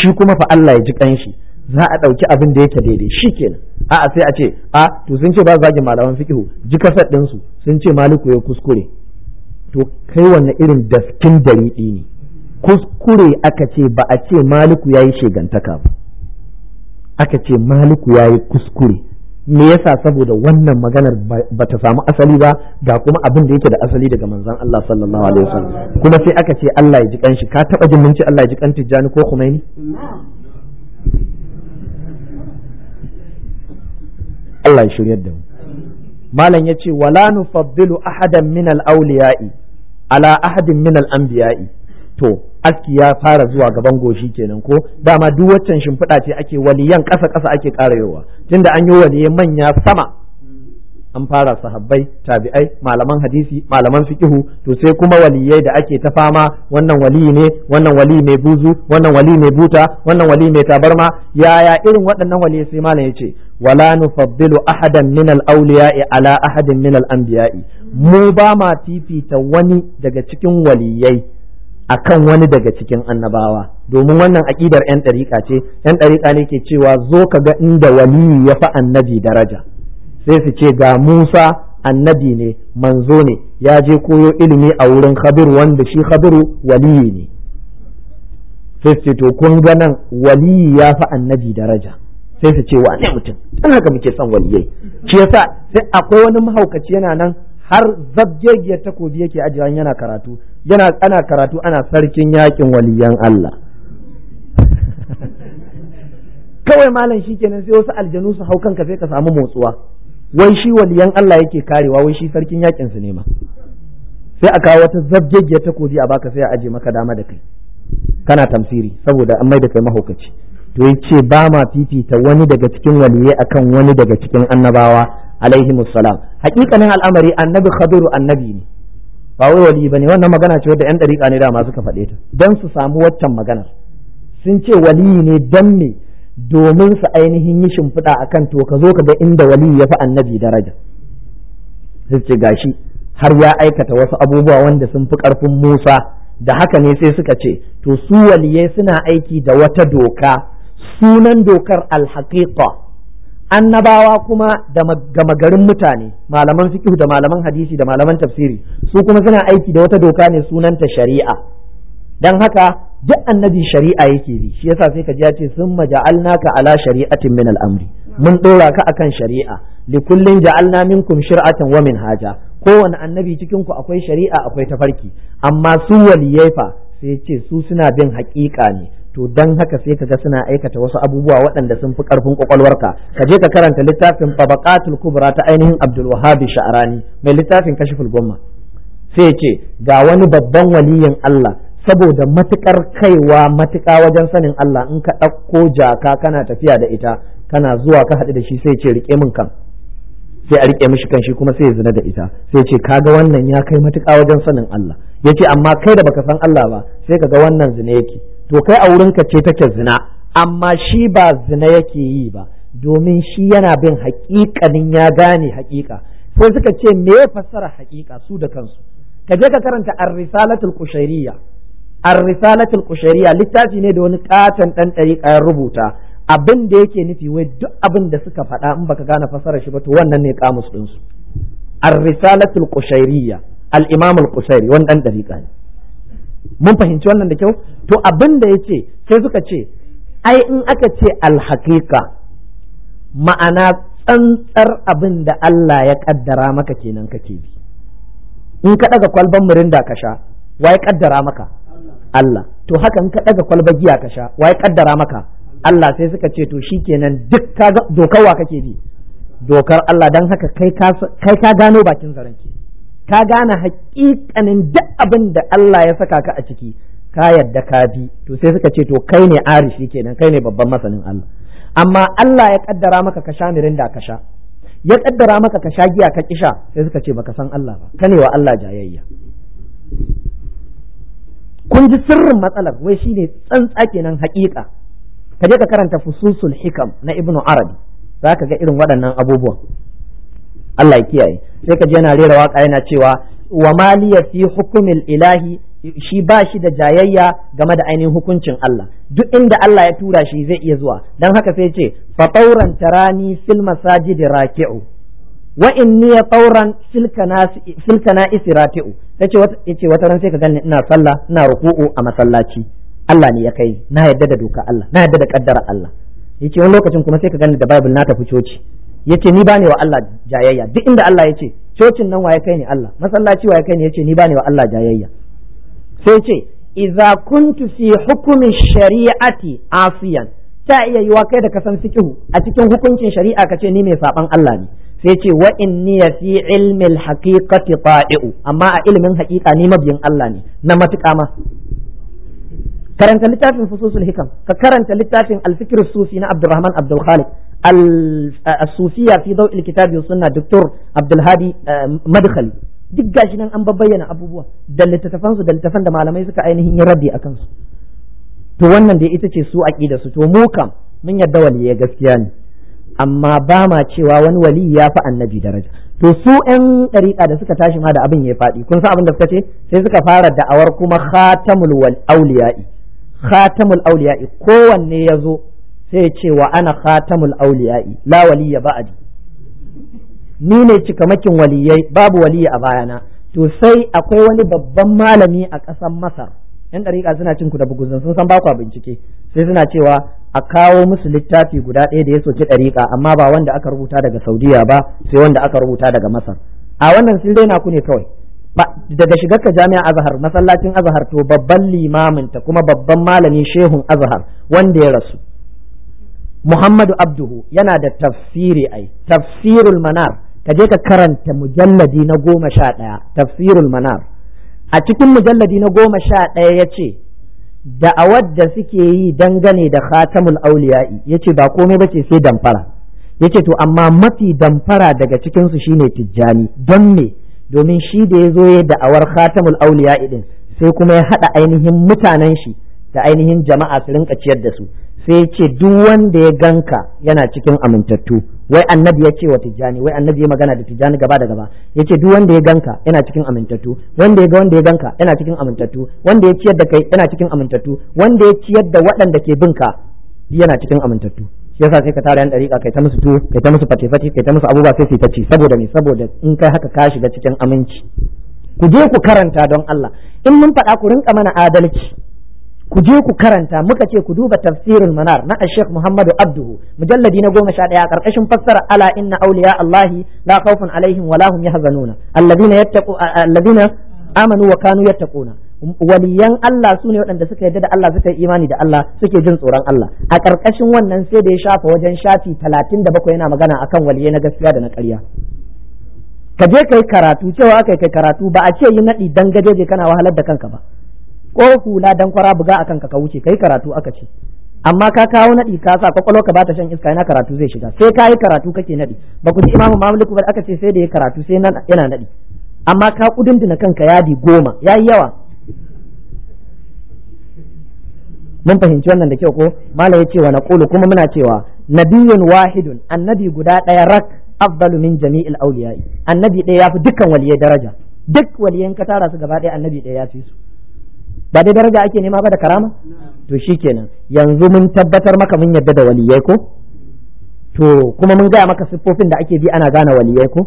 shi kuma fa Allah ya ji kanshi za a ɗauki abin da yake daidai shi kenan a'a sai a ce a to sun ce ba zagin malaman fikihu ji kasar ɗinsu sun ce maliku ya kuskure to kai wanne irin daskin dariɗi ne kuskure aka ce ba a ce maliku ya yi shegantaka ba aka ce maliku ya yi kuskure me yasa saboda wannan maganar ba ta samu asali ba ga kuma abin da yake da asali daga manzan Allah sallallahu alaihi wasallam kuma sai aka ce Allah ya ji kanshi ka taba jin mun ce Allah ya ji kan Tijjani ko kumaini. Allah ya shiryar da mu malam yace wala nufaddilu ahadan min al-awliya'i ala ahadin minal al-anbiya'i to aski ya fara zuwa gaban goshi kenan ko dama duk waccan shimfiɗa ce ake waliyan ƙasa ƙasa ake ƙarayowa tunda an yi waliye manya sama an fara sahabbai tabi'ai malaman hadisi malaman fikihu to sai kuma waliyai da ake ta fama wannan wali ne wannan wali mai buzu wannan wali mai buta wannan wali mai tabarma yaya irin waɗannan waliyai sai malam ce wala nufaddilu ahadan min al-awliya'i ala ahadin min al-anbiya'i mu ba ma fifita wani daga cikin waliyai akan wani daga cikin annabawa domin wannan aƙidar 'yan ɗariƙa ce 'yan ɗariƙa ne ke cewa zo ka ga inda waliyu ya fi annabi daraja sai su ce ga musa annabi ne manzo ne ya je koyo ilimi a wurin khabiru wanda shi khabiru waliyu ne sai su ce to kun ga nan waliyu ya fi annabi daraja sai su ce wa ne mutum don haka muke son waliyai shi yasa sai akwai wani mahaukaci yana nan har zabjegiyar takobi yake ajiya yana karatu yana ana karatu ana sarkin yakin waliyan Allah kawai malam shi kenan sai wasu aljanu su hau kanka sai ka samu motsuwa wai shi waliyan Allah yake karewa wai shi sarkin yakin su ne ma sai a kawo wata zabjegiyar takobi a baka sai a aje maka dama da kai kana tamsiri saboda an mai da kai mahaukaci to yace ba ma fifita wani daga cikin waliyai akan wani daga cikin annabawa alaihi musallam hakikanin al'amari annabi khadiru annabi ne ba wai wali bane wannan magana ce da yan dariƙa ne da ma suka faɗe ta don su samu waccan magana sun ce wali ne dan me domin su ainihin yi shimfiɗa akan to ka zo ka ga inda wali ya fi annabi daraja sai ce gashi har ya aikata wasu abubuwa wanda sun fi ƙarfin Musa da haka ne sai suka ce to su waliyai suna aiki da wata doka sunan dokar alhaƙiƙa annabawa kuma da magarin mutane malaman fiqh da malaman hadisi da malaman tafsiri su kuma suna aiki da wata doka ne sunanta shari'a dan haka duk annabi shari'a yake bi shi yasa sai ka ji ya ce sun maja'alnaka ala shari'atin min al'amri mun dora ka akan shari'a li kullin ja'alna minkum shir'atan wa haja, kowane annabi cikin ku akwai shari'a akwai tafarki amma su waliyefa sai ce su suna bin haƙiƙa ne to dan haka sai ka ga suna aikata wasu abubuwa waɗanda sun fi ƙarfin kwakwalwarka ka je ka karanta littafin tabaqatul kubra ta ainihin Abdulwahabi Sha'arani Sha'rani mai littafin kashiful gumma sai ya ce ga wani babban waliyin Allah saboda matukar kaiwa matuka wajen sanin Allah in ka ɗauko jaka kana tafiya da ita kana zuwa ka haɗu da shi sai ce riƙe min kan sai a riƙe mishi kan shi kuma sai ya zina da ita sai ce kaga wannan ya kai matuka wajen sanin Allah yace amma kai da baka san Allah ba sai kaga wannan zina yake to kai a wurinka ce take zina amma shi ba zina yake yi ba domin shi yana bin haƙiƙanin ya gane haƙiƙa sai suka ce me ya fassara haƙiƙa su da kansu ka je ka karanta ar-risalatul qushairiyya ar-risalatul qushairiyya littafi ne da wani katon dan ɗariƙa ya rubuta abin da yake nufi wai duk abin da suka faɗa in baka gane fassarar shi ba to wannan ne kamus ɗinsu ar-risalatul qushairiyya al-imam al-qushairi wannan ɗariƙa ne mun fahimci wannan da kyau to abin da ya ce sai suka ce ai in aka ce alhaƙiƙa ma'ana tsantsar abin da Allah ya ƙaddara maka kenan kake bi in ka ɗaga kwalban murinda ka sha wai ƙaddara maka Allah to haka in ka ɗaga kwalba giya ka sha wai ƙaddara maka Allah sai suka ce to kenan duk dokar wa kake bi dokar Allah dan haka kai ka gano bakin zaren ka gane hakikanin duk abin da Allah ya saka ka a ciki ka yadda ka bi to sai suka ce to kai ne arishi kenan kai ne babban masanin Allah amma Allah ya kaddara maka ka sha mirinda ka sha ya kaddara maka ka sha giya ka kisha sai suka ce baka san Allah ba kane wa Allah jayayya kun ji sirrin matsalar wai shine tsantsa kenan hakika ka je ka karanta fususul hikam na ibnu arabi zaka ga irin waɗannan abubuwan Allah ya kiyaye sai ka ji yana rera waka yana cewa wa maliya fi hukumil ilahi shi ba shi da jayayya game da ainihin hukuncin Allah duk inda Allah ya tura shi zai iya zuwa dan haka sai ce fa tauran tarani fil masajidi raki'u wa inni ya tauran silka na raki'u yace wata yace wata ran sai ka gani ina sallah ina ruku'u a masallaci Allah ne ya kai na yadda da doka Allah na yadda da kaddara Allah yace wani lokacin kuma sai ka gani da Bible na tafi coci yace ni bane wa Allah jayayya duk inda Allah ya ce cocin nan waye kai ne Allah masallaci waye kai ne yace ni bane wa Allah jayayya sai ce idza kuntu fi hukumi shari'ati asiyan ta iya yiwa kai da kasan sikihu a cikin hukuncin shari'a kace ni mai saban Allah ne sai ce wa inni fi ilmi alhaqiqati qa'i'u amma a ilmin haqiqa ni mabiyin Allah ne na matuƙa ma karanta littafin fususul hikam ka karanta littafin alfikr sufi na Abdurrahman Abdul Khaliq as-sufiyya fi daw'il kitabi wa sunna doktor Abdul Hadi duk gashi nan an bayyana abubuwa da littattafan su da littattafan da malamai suka ainihin yi rabi a kansu. to wannan da ita ce su aqida su to mu kam mun yadda ya gaskiya ne amma ba ma cewa wani wali ya fi annabi daraja to su yan ɗariƙa da suka tashi ma da abin ya faɗi kun san abin da suka ce sai suka fara da'awar kuma khatamul auliya'i khatamul auliya'i kowanne ya zo sai cewa ce wa ana khatamul auliya'i la waliya ba'adi ni ne cikamakin waliyyai babu waliya a bayana to sai akwai wani babban malami a ƙasar masar yan ɗariƙa suna cin ku da buguzun sun san ba bincike sai suna cewa a kawo musu littafi guda ɗaya da ya soki ɗariƙa amma ba wanda aka rubuta daga saudiya ba sai wanda aka rubuta daga masar a wannan sun daina ku ne kawai daga shigar ka jami'a azhar masallacin azhar to babban limamin ta kuma babban malami shehun azhar wanda ya rasu Muhammadu Abduhu yana da tafsiri ai tafsirul manar ka je ka karanta mujalladi na goma sha ɗaya tafsirul manar a cikin mujalladi na goma sha ɗaya ya ce da'awar da suke yi dangane da khatamul auliya'i ya ce ba komai ba ce sai damfara ya ce to amma mafi damfara daga cikinsu shine tijjani don me domin shi da ya zo ya da'awar khatamul auliya'i din sai kuma ya haɗa ainihin mutanen shi da ainihin jama'a su rinka ciyar da su sai ya ce duk wanda ya ganka yana cikin amintattu wai annabi ya ce wa tijjani wai annabi ya magana da tijjani gaba da gaba ya ce duk wanda ya ganka yana cikin amintattu wanda ya ga wanda ya ganka yana cikin amintattu wanda ya ciyar da kai yana cikin amintattu wanda ya ciyar da waɗanda ke bin ka yana cikin amintattu shi yasa sai ka tara yan dariƙa kai ta musu tu kai ta musu Fati-fati, kai ta musu abubuwa sai su ta ci saboda me saboda in kai haka ka shiga cikin aminci ku je ku karanta don Allah in mun faɗa ku rinka mana adalci ku je ku karanta muka ce ku duba tafsirin manar na Sheikh Muhammadu Abduhu mujalladi na goma sha ɗaya karkashin fassara ala inna auliya, Allahi la khawfun alaihim wa lahum yahzanuna nuna, yattaqu alladhina amanu wa kanu yattaquna waliyan Allah su ne waɗanda suka yarda da Allah suka yi imani da Allah suke jin tsoron Allah a ƙarƙashin wannan sai da ya shafa wajen shafi talatin da bakwai yana magana akan waliye na gaskiya da na ƙarya ka je kai karatu cewa aka kai karatu ba a ce yi naɗi dan gajeje kana wahalar da kanka ba ko hula dan kwara buga akan ka ka wuce kai karatu aka ce amma ka kawo nadi ka sa kwakwalwa ka bata shan iska yana karatu zai shiga sai ka yi karatu kake nadi ba ku ji imamu mamaliku ba aka ce sai da ya karatu sai yana nadi amma ka kudunduna kanka yadi goma ya yi yawa mun fahimci wannan da kyau ko mala ya ce wa naqulu kuma muna cewa nabiyun wahidun annabi guda ɗaya rak afdalu min jami'il awliya annabi ɗaya fi dukkan waliyai daraja duk waliyan ka tara su gaba ɗaya annabi ɗaya ya fi su ba dai daraja ake nema ba da karama to shikenan yanzu mun tabbatar maka mun yadda da waliyai ko to kuma mun gaya maka siffofin da ake bi ana gane waliyai ko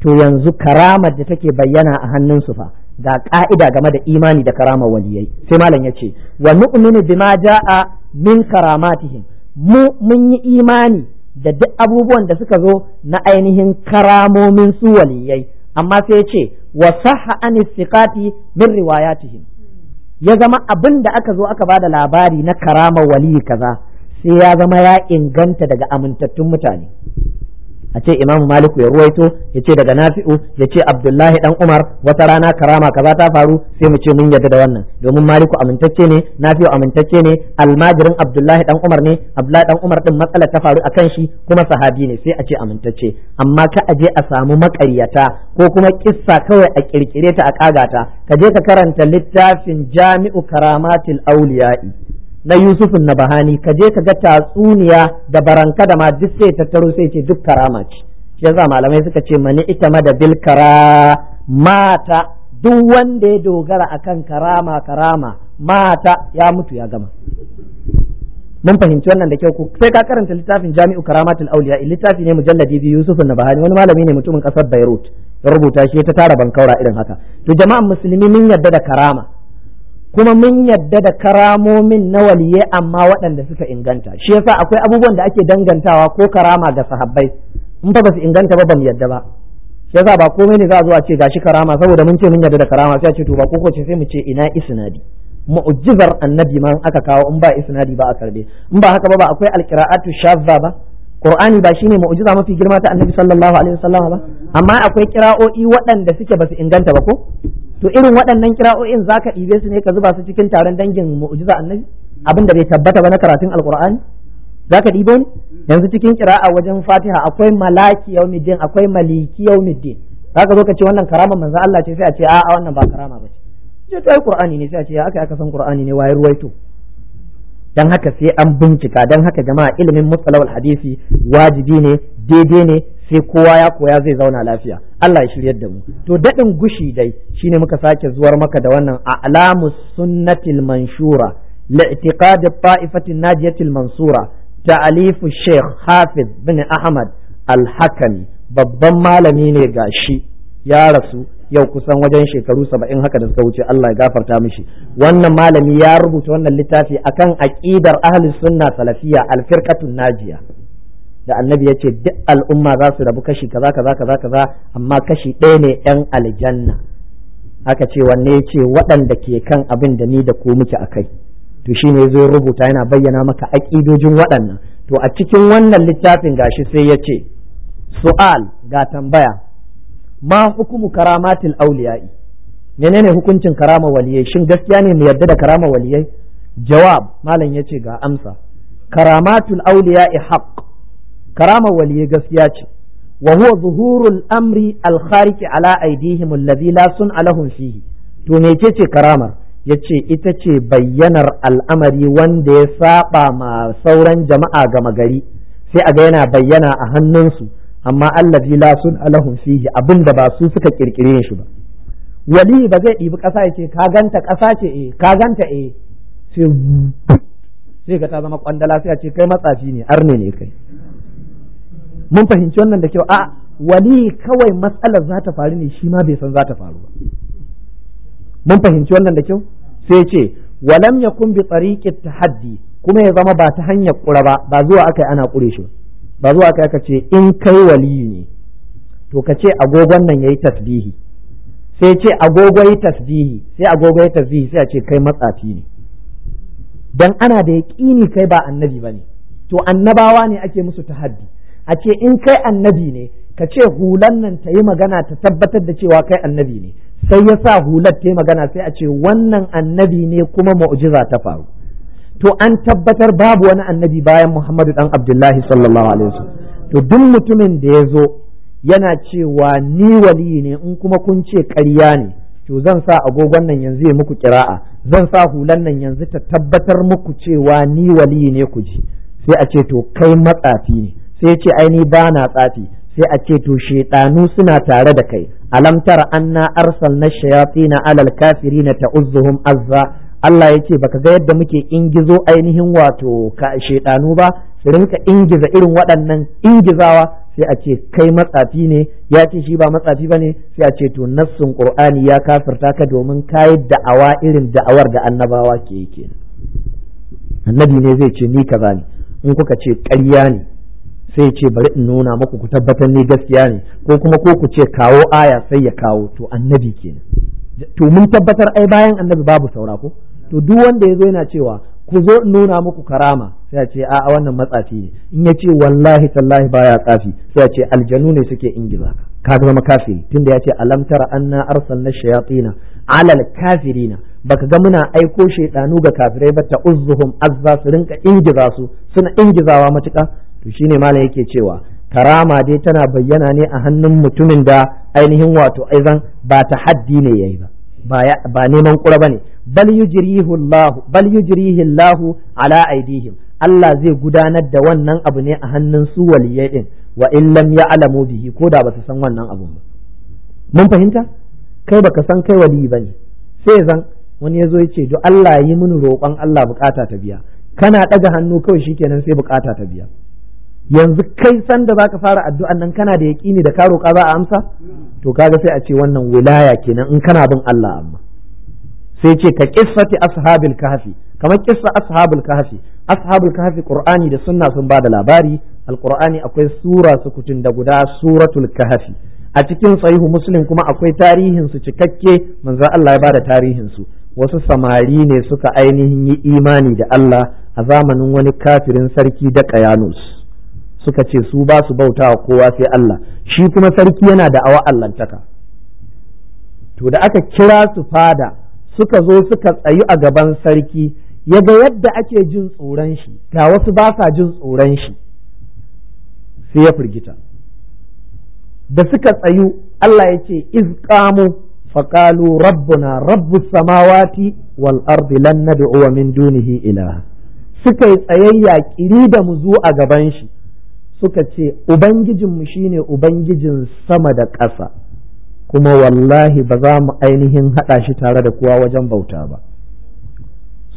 to yanzu karama da take bayyana a hannunsu fa ga ka'ida game da imani da karama waliyai sai malam yace wa nu'minu bima ja'a min karamatihim mu mun yi imani da duk abubuwan da suka zo na ainihin karamomin su waliyai amma sai ce wa sahha an istiqati min riwayatihim ya zama abin da aka zo aka bada labari na karamar waliyu kaza sai ya zama ya inganta daga amintattun mutane a ce imamu maliku ya ruwaito ya ce daga nafi'u ya ce abdullahi dan umar wata rana karama kaza ta faru sai mu ce mun yadda da wannan domin maliku amintacce ne nafi'u amintacce ne almajirin abdullahi dan umar ne abdullahi dan umar din matsalar ta faru akan shi kuma sahabi ne sai a ce amintacce amma ka aje a samu makaryata ko kuma kissa kawai a kirkire ta a kagata ka je ka karanta littafin jami'u karamatil auliya'i na Yusufun na Bahani ka je ka ga tatsuniya da baranka da ma duk sai tattaro sai ce duk karama ce shi yasa malamai suka ce mani ita ma da bil mata duk wanda ya dogara akan karama karama mata ya mutu ya gama mun fahimci wannan da kyau sai ka karanta littafin Jami'u Karamatul Auliya littafi ne mujalladi biyu Yusufun na Bahani wani malami ne mutumin kasar Beirut ya rubuta shi ta tara bankaura irin haka to jama'an musulmi mun yarda da karama kuma mun yadda da karamomin na waliye amma waɗanda suka inganta shi yasa akwai abubuwan da ake dangantawa ko karama ga sahabbai in ba su inganta ba bamu yadda ba shi yasa ba komai ne za a zo a ce gashi karama saboda mun ce mun yadda da karama sai a ce to ba koko ce sai mu ce ina isnadi mu'jizar annabi ma aka kawo in ba isnadi ba a karbe in ba haka ba ba akwai alqira'atu shazza ba Qur'ani ba shine mu'jiza mafi girma ta Annabi sallallahu alaihi wasallam ba amma akwai kira'o'i waɗanda suke basu inganta ba ko to irin waɗannan kira'o'in za ka ɗibe su ne ka zuba su cikin taron dangin mu'jiza annabi abin da bai tabbata ba na karatun Za ka ɗibe ne yanzu cikin kira'a wajen fatiha akwai malaki yaumiddin akwai maliki yaumiddin ka zo ka ce wannan karama manzo Allah ce sai a ce a'a wannan ba karama ba ce ce ta qur'ani ne sai a ce ya aka aka san ƙur'ani ne waye ruwaito dan haka sai an bincika dan haka jama'a ilimin mustalahul hadisi wajibi ne daidai ne sai kowa ya koya zai zauna lafiya Allah ya shiryar da mu to daɗin gushi dai shine muka sake zuwar maka da wannan a'lamus sunnatil manshura li'tiqad at najiyatil mansura ta'alifu sheikh hafiz bin ahmad al-hakami babban malami ne gashi ya rasu yau kusan wajen shekaru saba'in haka da suka wuce Allah ya gafarta mishi wannan malami ya rubuta wannan littafi akan aqidar ahli sunna salafiyya alfirqatun najiya da annabi ya ce duk al'umma za su rabu kashi kaza kaza kaza kaza amma kashi ɗaya ne yan aljanna aka ce wanne ya ce waɗanda ke kan abin da ni da ku muke akai kai to shine zo rubuta yana bayyana maka aƙidojin waɗannan to a cikin wannan littafin gashi sai ya ce su'al ga tambaya ma hukumu karamatil auliya'i menene hukuncin karama waliyai shin gaskiya ne mu yarda da karama waliyai jawab malam yace ga amsa karamatul auliya'i haqq karama waliyai gaskiya ce wa huwa zuhurul amri al khariqi ala aydihim alladhi la sun lahum fihi to mecece karamar yace ita ce bayyanar al'amari wanda ya saba ma sauran jama'a gama gari sai a ga yana bayyana a hannunsu amma allazi la sun alahum fihi abinda ba su suka kirkire shi ba wali ba zai ɗibi ƙasa ya ce ka ganta ƙasa ce eh ka ganta eh sai sai ga ta zama kwandala sai a ce kai matsafi ne arne ne kai mun fahimci wannan da kyau a wali kawai matsalar za ta faru ne shi ma bai san za ta faru ba mun fahimci wannan da kyau sai ce walam yakun bi tariqit tahaddi kuma ya zama ba ta hanyar kura ba ba zuwa akai ana kure shi ba ba zuwa kai ka ce in kai waliyu ne to ka ce agogon nan yayi tasbihi sai ce agogo yi tasbihi sai agogo yi tasbihi sai a ce kai matsafi ne dan ana da yaƙini kai ba annabi bane to annabawa ne ake musu tahaddi a ce in kai annabi ne ka ce hulan nan ta yi magana ta tabbatar da cewa kai annabi ne sai ya sa hular ta yi magana sai a ce wannan annabi ne kuma mu'jiza ta faru to an tabbatar babu wani annabi bayan Muhammadu dan Abdullahi sallallahu alaihi wasallam to duk mutumin da ya zo yana cewa ni waliyi ne in kuma kun ce ƙarya ne to zan sa agogon nan yanzu ya muku kira'a zan sa hulan nan yanzu ta tabbatar muku cewa ni waliyi ne ku ji sai a ce to kai matsafi ne sai ya ce ai ni ba na tsafi sai a ce to shaidanu suna tare da kai alam tara anna arsalna shayatin alal na ta'uzzuhun azza Allah ya ce baka ga yadda muke ingizo ainihin wato ka shaidanu ba su rinka ingiza irin waɗannan ingizawa sai a ce kai matsafi ne ya ce shi ba matsafi ba ne sai a ce to nassun qur'ani ya kafirta ka domin kayi da'awa irin da'awar da annabawa ke yi annabi ne zai ce ni kaza ne in kuka ce ƙarya ne sai ce bari in nuna maku ku tabbatar ni gaskiya ne ko kuma ko ku ce kawo aya sai ya kawo to annabi kenan to mun tabbatar ai bayan annabi babu saura ko to duk wanda ya zo yana cewa ku zo in nuna muku karama sai a ce a wannan matsafi ne in ya ce wallahi tallahi baya kafi sai a ce aljanu ne suke ingiza ka zama kafiri tunda ya ce an na anna arsalna shayatina alal kafirina baka ga muna aiko shaidanu ga kafirai ba ta uzzuhum azza su rinka ingiza su suna ingizawa matuka to shine malam yake cewa karama dai tana bayyana ne a hannun mutumin da ainihin wato aizan ba ta haddi ne yayi ba ba neman ba bane bal yi Allah lahu ala aidihim Allah zai gudanar da wannan abu ne a hannun su waliyai din wa in lam alamu bihi ko da ba basu san wannan abu ba mun fahimta kai baka san kai ba ne. sai zan wani ya zo ya ce do Allah yi mini roƙon Allah bukata ta biya kana ɗaga hannu kawai shi kenan sai bukata ta biya yanzu kai sanda da zaka fara addu'an nan kana da yaƙini da ka roƙa za a amsa to kaga sai a ce wannan wilaya kenan in kana bin Allah amma sai ce ka qissati ashabil kahfi kamar qissa ashabul kahfi ashabul kahfi qur'ani da sunna sun bada labari alqur'ani akwai sura su sukutun da guda suratul kahfi a cikin sahihu muslim kuma akwai tarihin su cikakke manzo Allah ya bada tarihin su wasu samari ne suka ainihin yi imani da Allah a zamanin wani kafirin sarki da Kayanus suka ce su ba su wa kowa sai Allah shi kuma sarki yana da awa allantaka to da aka kira su fada suka zo suka tsayu a gaban sarki yaga yadda ake jin tsoron shi ga wasu ba sa jin tsoron shi sai ya firgita da suka tsayu Allah ya ce izqamu faqalu rabbuna rabbus samawati wal ardi lan nad'u min dunihi ilaha suka yi tsayayya kiri da mu zo a gaban shi suka ce ubangijinmu shine ubangijin sama da ƙasa kuma wallahi ba za mu ainihin haɗa shi tare da kowa wajen bauta ba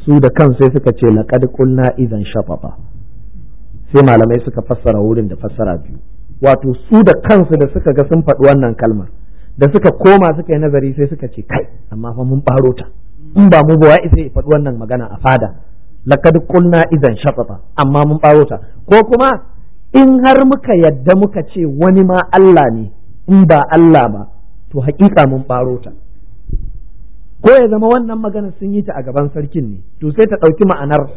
su da kan sai suka ce laqad ƙulna izan shafafa sai malamai suka fassara wurin da fassara biyu wato su da kansu da suka ga sun faɗi wannan kalmar da suka koma suka yi nazari sai suka ce kai amma fa mun ɓaro ta in ba mu ba sai faɗi wannan magana a fada laqad qulna izan shafafa amma mun ɓaro ta ko kuma in har muka yadda muka ce wani ma Allah ne in ba Allah ba to hakika mun ɓaro ta ko ya zama wannan magana sun yi ta a gaban sarkin ne to sai ta ɗauki ma'anar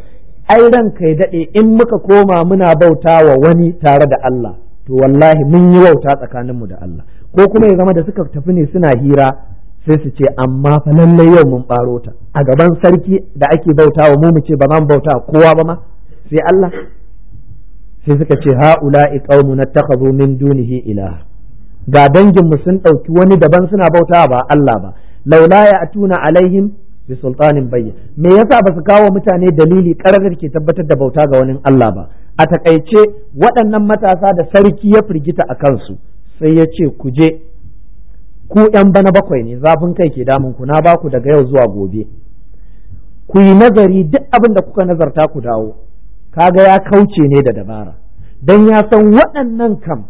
ai ranka ya daɗe in muka koma muna bauta wa wani tare da Allah to wallahi mun yi wauta tsakaninmu da Allah ko kuma ya zama da suka tafi ne suna hira sai su ce amma fa lallai yau mun ɓaro ta a gaban sarki da ake bauta wa mu mu ce ba mu bauta kowa ba ma sai Allah sai suka ce ha'ula iqaumu takhadhu min dunihi ilaha ga dangin mu sun ɗauki wani daban suna bauta ba Allah ba laula ya atuna alaihim bi sultanin bayyin me yasa ba su kawo mutane dalili karar ke tabbatar da bauta ga wani Allah ba a takaice waɗannan matasa da sarki ya firgita a kansu sai ya ce ku je ku ɗan bana bakwai ne zafin kai ke damun ku na baku daga yau zuwa gobe ku yi nazari duk abin da kuka nazarta ku dawo kaga ya kauce ne da dabara dan ya san waɗannan kam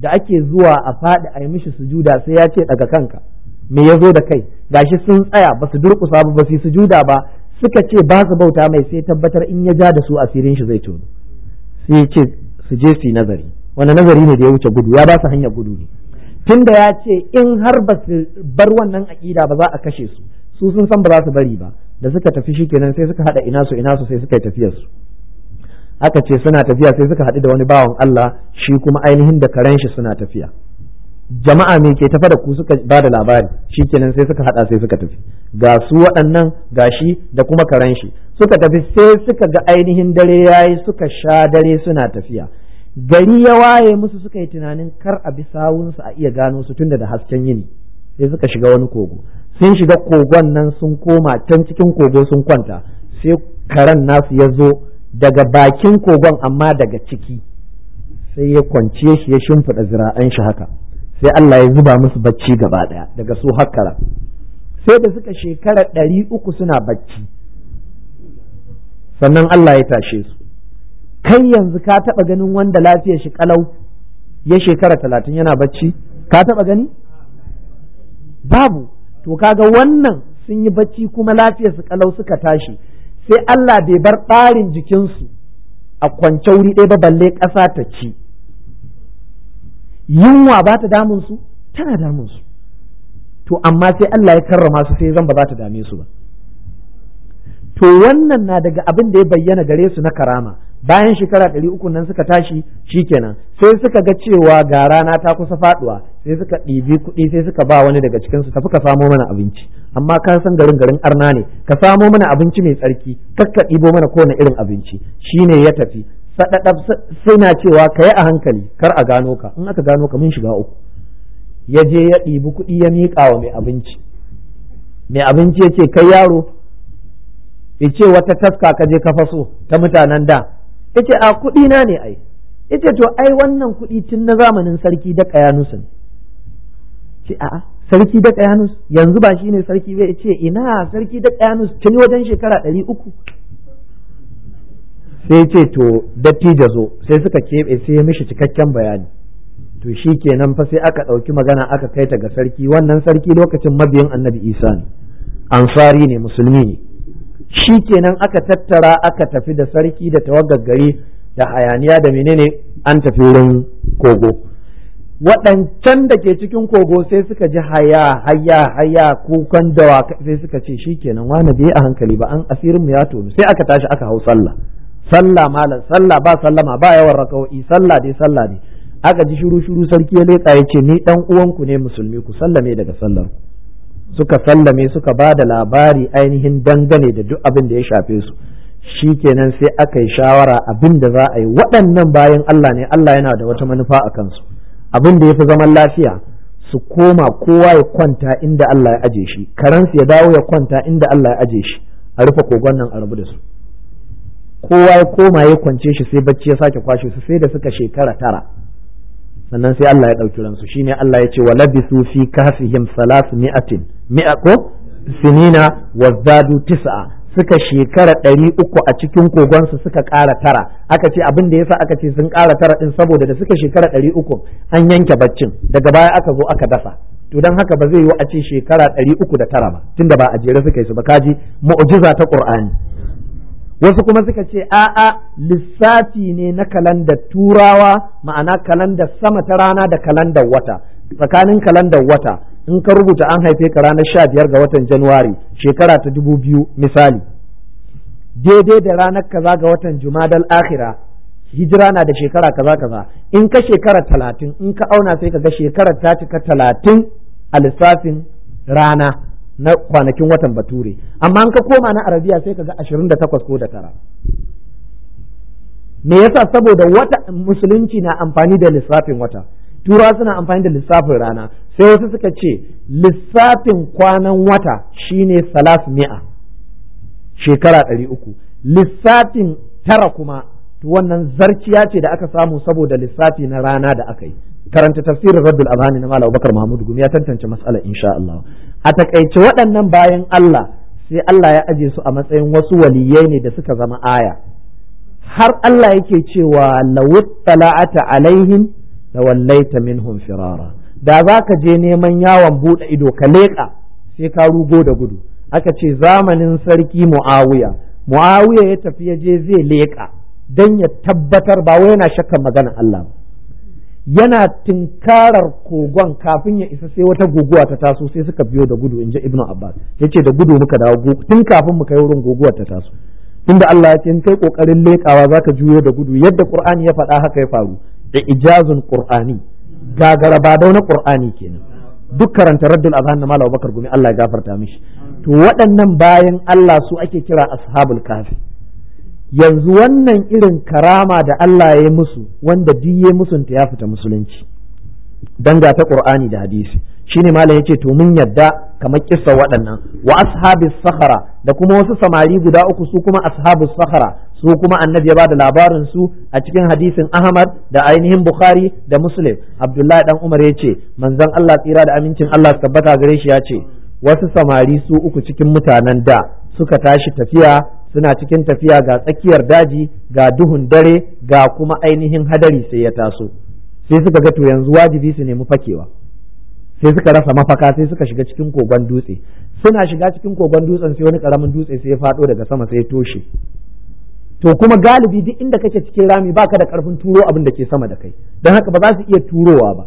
da ake zuwa a faɗi a yi mishi sujuda sai ya ce daga kanka me ya zo da kai gashi sun tsaya ba su durƙusa ba ba su sujuda ba suka ce ba su bauta mai sai tabbatar in ya ja da su asirin shi zai tono sai ya ce su je su yi nazari wani nazari ne da ya wuce gudu ya ba su hanyar gudu ne tun da ya ce in har ba su bar wannan aƙida ba za a kashe su su sun san ba za su bari ba da suka tafi shikenan sai suka haɗa ina su ina su sai suka yi tafiyar su aka ce suna tafiya sai suka haɗu da wani bawan Allah shi kuma ainihin da karen shi suna tafiya jama'a me ke tafa da ku suka ba da labari kenan sai suka haɗa sai suka tafi ga su waɗannan ga shi da kuma karen shi suka tafi sai suka ga ainihin dare yayi suka sha dare suna tafiya gari ya waye musu suka yi tunanin kar a bi sawunsu a iya gano su tunda da hasken yini sai suka shiga wani kogo sun shiga kogon nan sun koma can cikin kogo sun kwanta sai karen nasu ya zo daga bakin kogon amma daga ciki sai ya kwanciye shi ya shimfiɗa zira'an shi haka sai Allah ya zuba musu bacci gaba ɗaya daga su hakkara sai da suka shekara ɗari uku suna bacci sannan Allah ya tashe su kai yanzu ka taɓa ganin wanda lafiyar shi kalau ya shekara talatin yana bacci ka taɓa gani babu to kaga wannan sun yi bacci kuma lafiyar su kalau suka tashi sai Allah bai bar ɓarin jikinsu a kwance wuri ɗaya ba balle ƙasa ta ci yunwa ba ta damun tana damun to amma sai Allah ya karrama su sai zan ba ta dame su ba to wannan na daga abin da ya bayyana gare su na karama bayan shekara ɗari uku nan suka tashi shi kenan. sai suka ga cewa ga rana ta kusa faɗuwa sai suka ɗibi kuɗi sai suka ba wani daga cikinsu tafi ka samo mana abinci amma ka san garin garin arna ne ka samo mana abinci mai tsarki ka ɗibo mana kowane irin abinci shine ya tafi sadadab suna cewa ka yi a hankali kar a gano ka in aka gano ka mun shiga uku ya je ya ɗibi kuɗi ya miƙa wa mai abinci mai abinci ya ce kai yaro ya ce wata taska ka je ka faso ta mutanen da ya ce a kuɗi na ne ai ya to ai wannan kuɗi tun na zamanin sarki da ƙayanusu ce a'a sarki da kayanus yanzu ba shi ne sarki bai ce ina sarki da kayanus tun wajen shekara ɗari uku sai ce to dattijo zo sai suka keɓe sai ya mishi cikakken bayani to shi kenan fa sai aka ɗauki magana aka kai ta ga sarki wannan sarki lokacin mabiyin annabi isa ne ansari ne musulmi ne shi kenan aka tattara aka tafi da sarki da tawagar gari da hayaniya da menene an tafi wurin kogo waɗancan da ke cikin kogo sai suka ji haya haya haya kukan dawaka sai suka ce shikenan wani bai a hankali ba an asirin mu ya tonu sai aka tashi aka hau sallah sallah malam sallah ba sallama ba yawan raka'o'i sallah dai sallah ne aka ji shiru shiru sarki ya leƙa ya ce ni dan uwanku ne musulmi ku sallame daga sallar suka sallame suka ba da labari ainihin dangane da duk abin da ya shafe su shi kenan sai aka yi shawara abin da za a yi waɗannan bayan Allah ne Allah yana da wata manufa a kansu abin da ya fi zaman lafiya su koma kowa ya kwanta inda Allah ya aje shi karansu ya dawo ya kwanta inda Allah ya aje shi a rufe kogon nan a rabu da su kowa ya koma ya kwance shi sai bacci ya sake kwashe su sai da suka shekara tara sannan sai Allah ya ɗauki ransu shine Allah ya ce wa labisu fi kasihim salasu mi'atin mi'a ko sinina wa zadu tis'a suka shekara ɗari uku a cikin kogonsu suka ƙara tara aka ce abin da ya sa aka ce sun ƙara tara ɗin saboda da suka shekara ɗari uku an yanke baccin daga baya aka zo aka dasa to don haka ba zai yiwu a ce shekara ɗari uku da tara ba tunda ba a jere suka yi su ba kaji mu'jiza ta ƙur'ani wasu kuma suka ce a'a lissafi ne na kalandar turawa ma'ana kalandar sama ta rana da kalandar wata tsakanin kalandar wata in ka rubuta an haife ka ranar sha biyar ga watan januwari shekara ta dubu biyu misali daidai da ranar kaza ga watan jumadal akhira hijira na da shekara kaza kaza in ka shekara talatin in ka auna sai ka ga shekarar ta cika talatin a lissafin rana na kwanakin watan bature amma in ka koma na arabiya sai ka ga ashirin da takwas ko da tara me yasa saboda wata musulunci na amfani da lissafin wata turawa suna amfani da lissafin rana sai wasu suka ce lissafin kwanan wata shine salas mi'a shekara ɗari uku lissafin tara kuma wannan zarciya ce da aka samu saboda lissafi na rana da aka yi karanta tafsirin rabbul azani na malam Bakar mahmud gumi ya tantance mas'ala insha Allah a takaice waɗannan bayan Allah sai Allah ya aje su a matsayin wasu waliyai ne da suka zama aya har Allah yake cewa lawuttala'ata alaihim lawallaita minhum firara da za ka je neman yawon bude ido ka leƙa sai ka rugo da gudu aka ce zamanin sarki muawiya muawiya ya tafi ya je zai leƙa don ya tabbatar ba wai yana shakkan magana Allah ba yana tinkarar kogon kafin ya isa sai wata guguwa ta taso sai suka biyo da gudu in ji ibnu abbas ya ce da gudu muka dawo tun kafin muka yi wurin guguwar ta taso tunda Allah ya ce in kai kokarin leƙawa zaka juyo da gudu yadda qur'ani ya faɗa haka ya faru da ijazun qur'ani gagara ba na qur'ani kenan duk karanta raddul azhan na malam bakar gumi Allah ya gafarta mishi to waɗannan bayan Allah su ake kira ashabul kafi yanzu wannan irin karama da Allah ya yi musu wanda duk musunta ya fita musulunci dan ga ta Qur'ani da hadisi shine malam yace to mun yadda kamar kissa waɗannan wa ashabis sahara da kuma wasu samari guda uku su kuma ashabus sahara su kuma annabi ya bada labarin su a cikin hadisin Ahmad da ainihin Bukhari da Muslim Abdullahi dan Umar yace manzon Allah tsira da amincin Allah tabbata gare shi yace wasu samari su uku cikin mutanen da suka tashi tafiya suna cikin tafiya ga tsakiyar daji ga duhun dare ga kuma ainihin hadari sai ya taso sai suka ga to yanzu wajibi su nemi fakewa sai suka rasa mafaka sai suka shiga cikin kogon dutse suna shiga cikin kogon dutsen sai wani karamin dutse sai ya faɗo daga sama sai ya toshe to kuma galibi duk inda kake cikin rami baka da karfin turo abin da ke sama da kai don haka ba za su iya turowa ba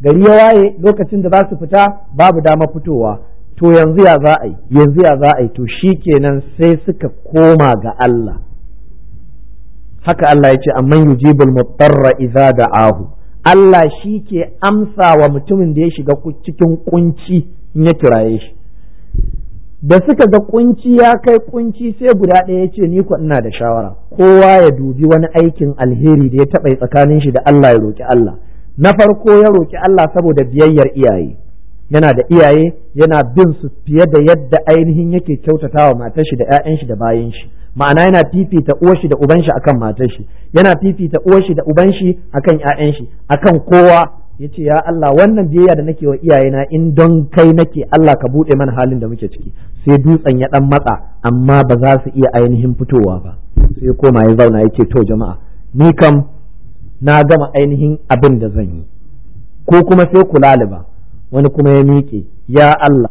gari ya waye lokacin da za su fita babu dama fitowa to yanzu ya za a yi yanzu ya za a yi to shikenan sai suka koma ga Allah haka Allah ya ce amma yujibul mutarra idza da'ahu Allah shi ke amsa wa mutumin da ya shiga cikin kunci in ya kiraye shi da suka ga kunci ya kai kunci sai guda ɗaya ya ce ni ku ina da shawara kowa ya dubi wani aikin alheri da ya taɓa tsakanin shi da Allah ya roƙi Allah na farko ya roƙi Allah saboda biyayyar iyaye yana da iyaye yana bin su fiye da yadda ainihin yake kyautatawa matar shi da 'ya'yan shi da bayan shi ma'ana yana fifita uwar shi da uban shi akan matar shi yana fifita uwar shi da uban shi akan 'ya'yan shi akan kowa yace ya Allah wannan biyayya da nake wa na in don kai nake Allah ka bude mana halin da muke ciki sai dutsen ya dan matsa amma ba za su iya ainihin fitowa ba sai koma ya zauna yake to jama'a ni kam na gama ainihin abin da zan yi ko kuma sai ku laliba wani kuma ya miƙe ya Allah